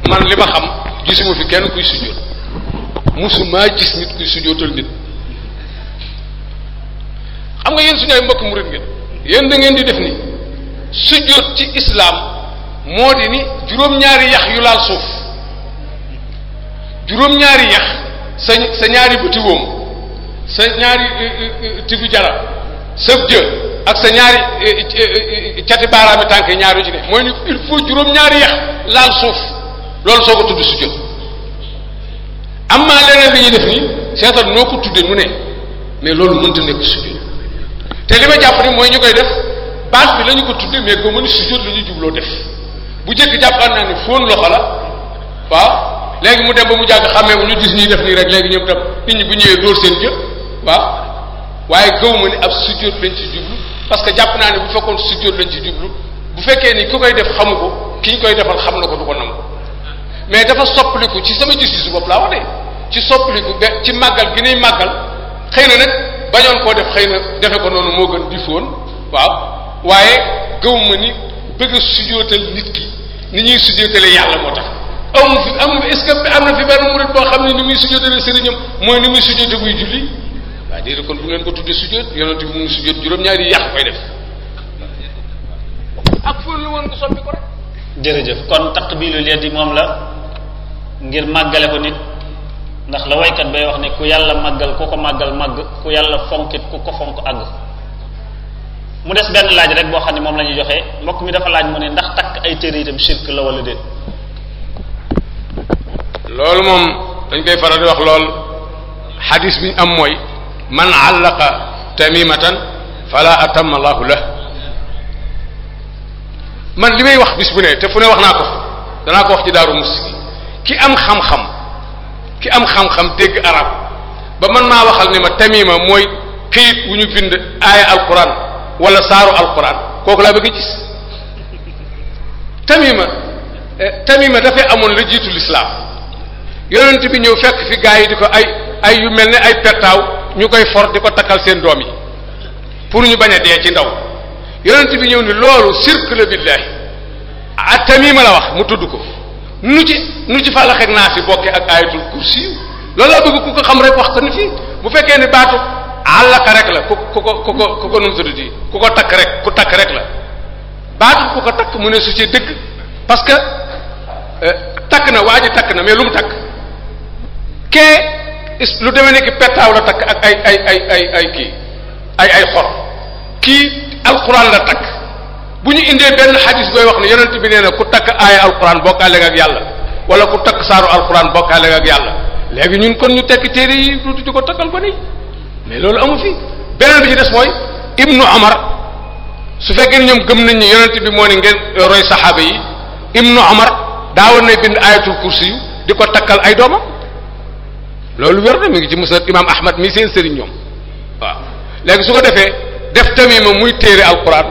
man li ma xam gisuma fi kenn kuy sujjoot musumaa gis nit kuy sujjootal nit xam nga yéen suñu ay mbokk murid ngeen yéen da ngeen di def nii sujjoot ci islaam moo di ni juróom-ñaari yax yu laal suuf juróom-ñaari yax sa sa ñaari bëti wóom sa ñaari euh, euh, euh, tigu jara sëf jë ak sa ñaari cati baaraami tànk ñaari ci ne mooy ni il faut juróom-ñaari yax laal suuf loolu soo ko tudd su jot am maa leneen li ñuy def nii seetal noo ko tudde nu ne mais loolu mënta nekk su jot te li ma jàpp ni mooy ñu koy def baat bi la ñu ko tudde mais ko mën su jot la ñuy jubloo def bu jëkk jàppoon naa ni foon loxo la waaw léegi mu dem ba mu jàgg xamee bu ñu gis ñuy def nii rek léegi ñoom tam nit ñi bu ñëwee dóor seen jë waaw waaye gëw ma ni ab sujjóot lañ ci parce que jàpp naa ne bu fekkoon sujjóot lañ ci jublu bu fekkee ni ku koy def xamu ko ki ñu koy defal xam na ko du ko nangu mais dafa soppaliku ci sama justice bopp laa wax de ci soppaliku ba ci màggal gi nuy màggal xëy na nag bañoon koo def xëy na defe ko noonu moo gën di foon waaw waaye gëw ma ni bëgg a sujjóotal nit ki ni ñuy sujjóotalee yàlla moo tax amu fi amu est-ce que am na fi benn murid boo xam ne ni muy sujjóotalee sëriñam mooy ni muy sujjóote buy julli waaye déedéet kon bu ngeen ko tuddee sujjóot yonent bi mu ngi sujjóot juróom-ñaari yi yàq koy def ak kon la bii nga soppi ko moom la ngir màggale ko nit ndax la waykat bay wax ne ku yàlla màggal ku ko màggal màgg ku yàlla fonkit ko fonk àgg mu des benn laaj rek boo xam ne moom la ñuy joxe mbokk mi dafa laaj mu ne ndax takk ay téere itam shirk la wala déet loolu moom dañ koy faral di wax lool xadis bi ñu am mooy man àllaqa tamimatan fala atamma llahu la man li may wax bis bu ne te fu ne wax naa ko danaa ko wax ci daaru ki am xam-xam ki am xam dégg arab ba man maa waxal ne ma tamima mooy këyit wu ñu bind aaya alquran wala saaru alquran kooku laa bëgg a gis tamima eh, tamima dafay amoon la jiitu lislaam yonent bi ñëw fekk fi gaa yi di ko ay ay yu mel ne ay pettaaw ñu koy for di ko takkal seen doom yi pour ñu bañ a dee ci ndaw yonent bi ñëw ni loolu sirk la billahi ma la wax mu tudd ko nu ci nu ci fàllax ak naa si bokkee ak ayatul kursi loolu laa bëgg ku ko xam rek wax ko ni fii bu fekkee ni baatu àllaka rek la ku ko ku ko ku ko num tuddati ku ko takk rek ku takk rek la baatu ku ko takk mu ne su ci dëgg parce que euh, takk na waa ji takk na mais lu mu takk kee lu demee ne ki pettaaw la takk ak ay ay ay ay ay kii ay ay xor kii alquran la takk bu ñu indee benn xadis booy wax ne yonent bi nee na ku takk aaya alquran bokkaale ak yàlla wala ku takk saaru alquran bokkaale ak yàlla léegi ñun kon ñu tekk téere yi lu di ko takkal ko nii mais loolu amu fi beneen bi ci des mooy ibnu omar su fekkee ñoom gëm nañ ni yonent bi moo ne ngeen euh, roy saxaaba yi ibnu omar daawoon na bind ayatul kursi yu di ko takkal ay doomam loolu wér na mi ngi ci musnad imam ahmad mi seen sëriñ ñoom waaw léegi su ko defee def tamima muy téere alquran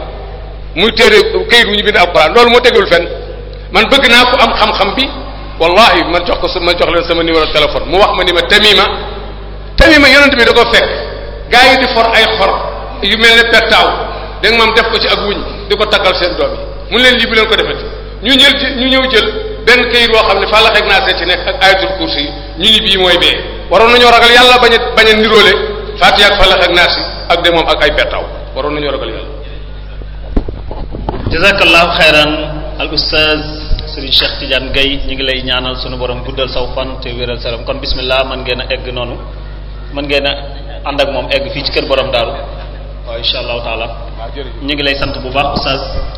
muy téere kayit wu ñu bind alquran loolu moo tegul fenn man bëgg naa ko am xam-xam bi wallahi man jox ko man jox leen sama numéro téléphone mu wax ma ni ma tamima tamima yonent bi da ko fekk gaa yi di for ay xor yu mel ne pettaaw da nga maam def ko ci ak wuñ di ko takkal seen doom yi mun leen lii bu leen ko defet ñu ñël ñu ñëw jël benn kayit woo xam ne fàllaxeeg naa see ci nekk ak ayatul mooy waroon nañoo ragal yàlla bañ a bañ a niroole Fatiha ak Falaq ak Naas ak de moom ak ay pettaaw waroon nañoo ragal yàlla. jazakallahu xayran al ustaz Serigne Cheikh Tidiane Gueye ñu ngi lay ñaanal sunu borom guddal saw fan te wéral saram kon bismillah man ngeen a egg noonu mën ngeen a ànd ak moom egg fii ci kër borom daaru waaw incha allahu taala ñu ngi lay sant bu baax ustaz.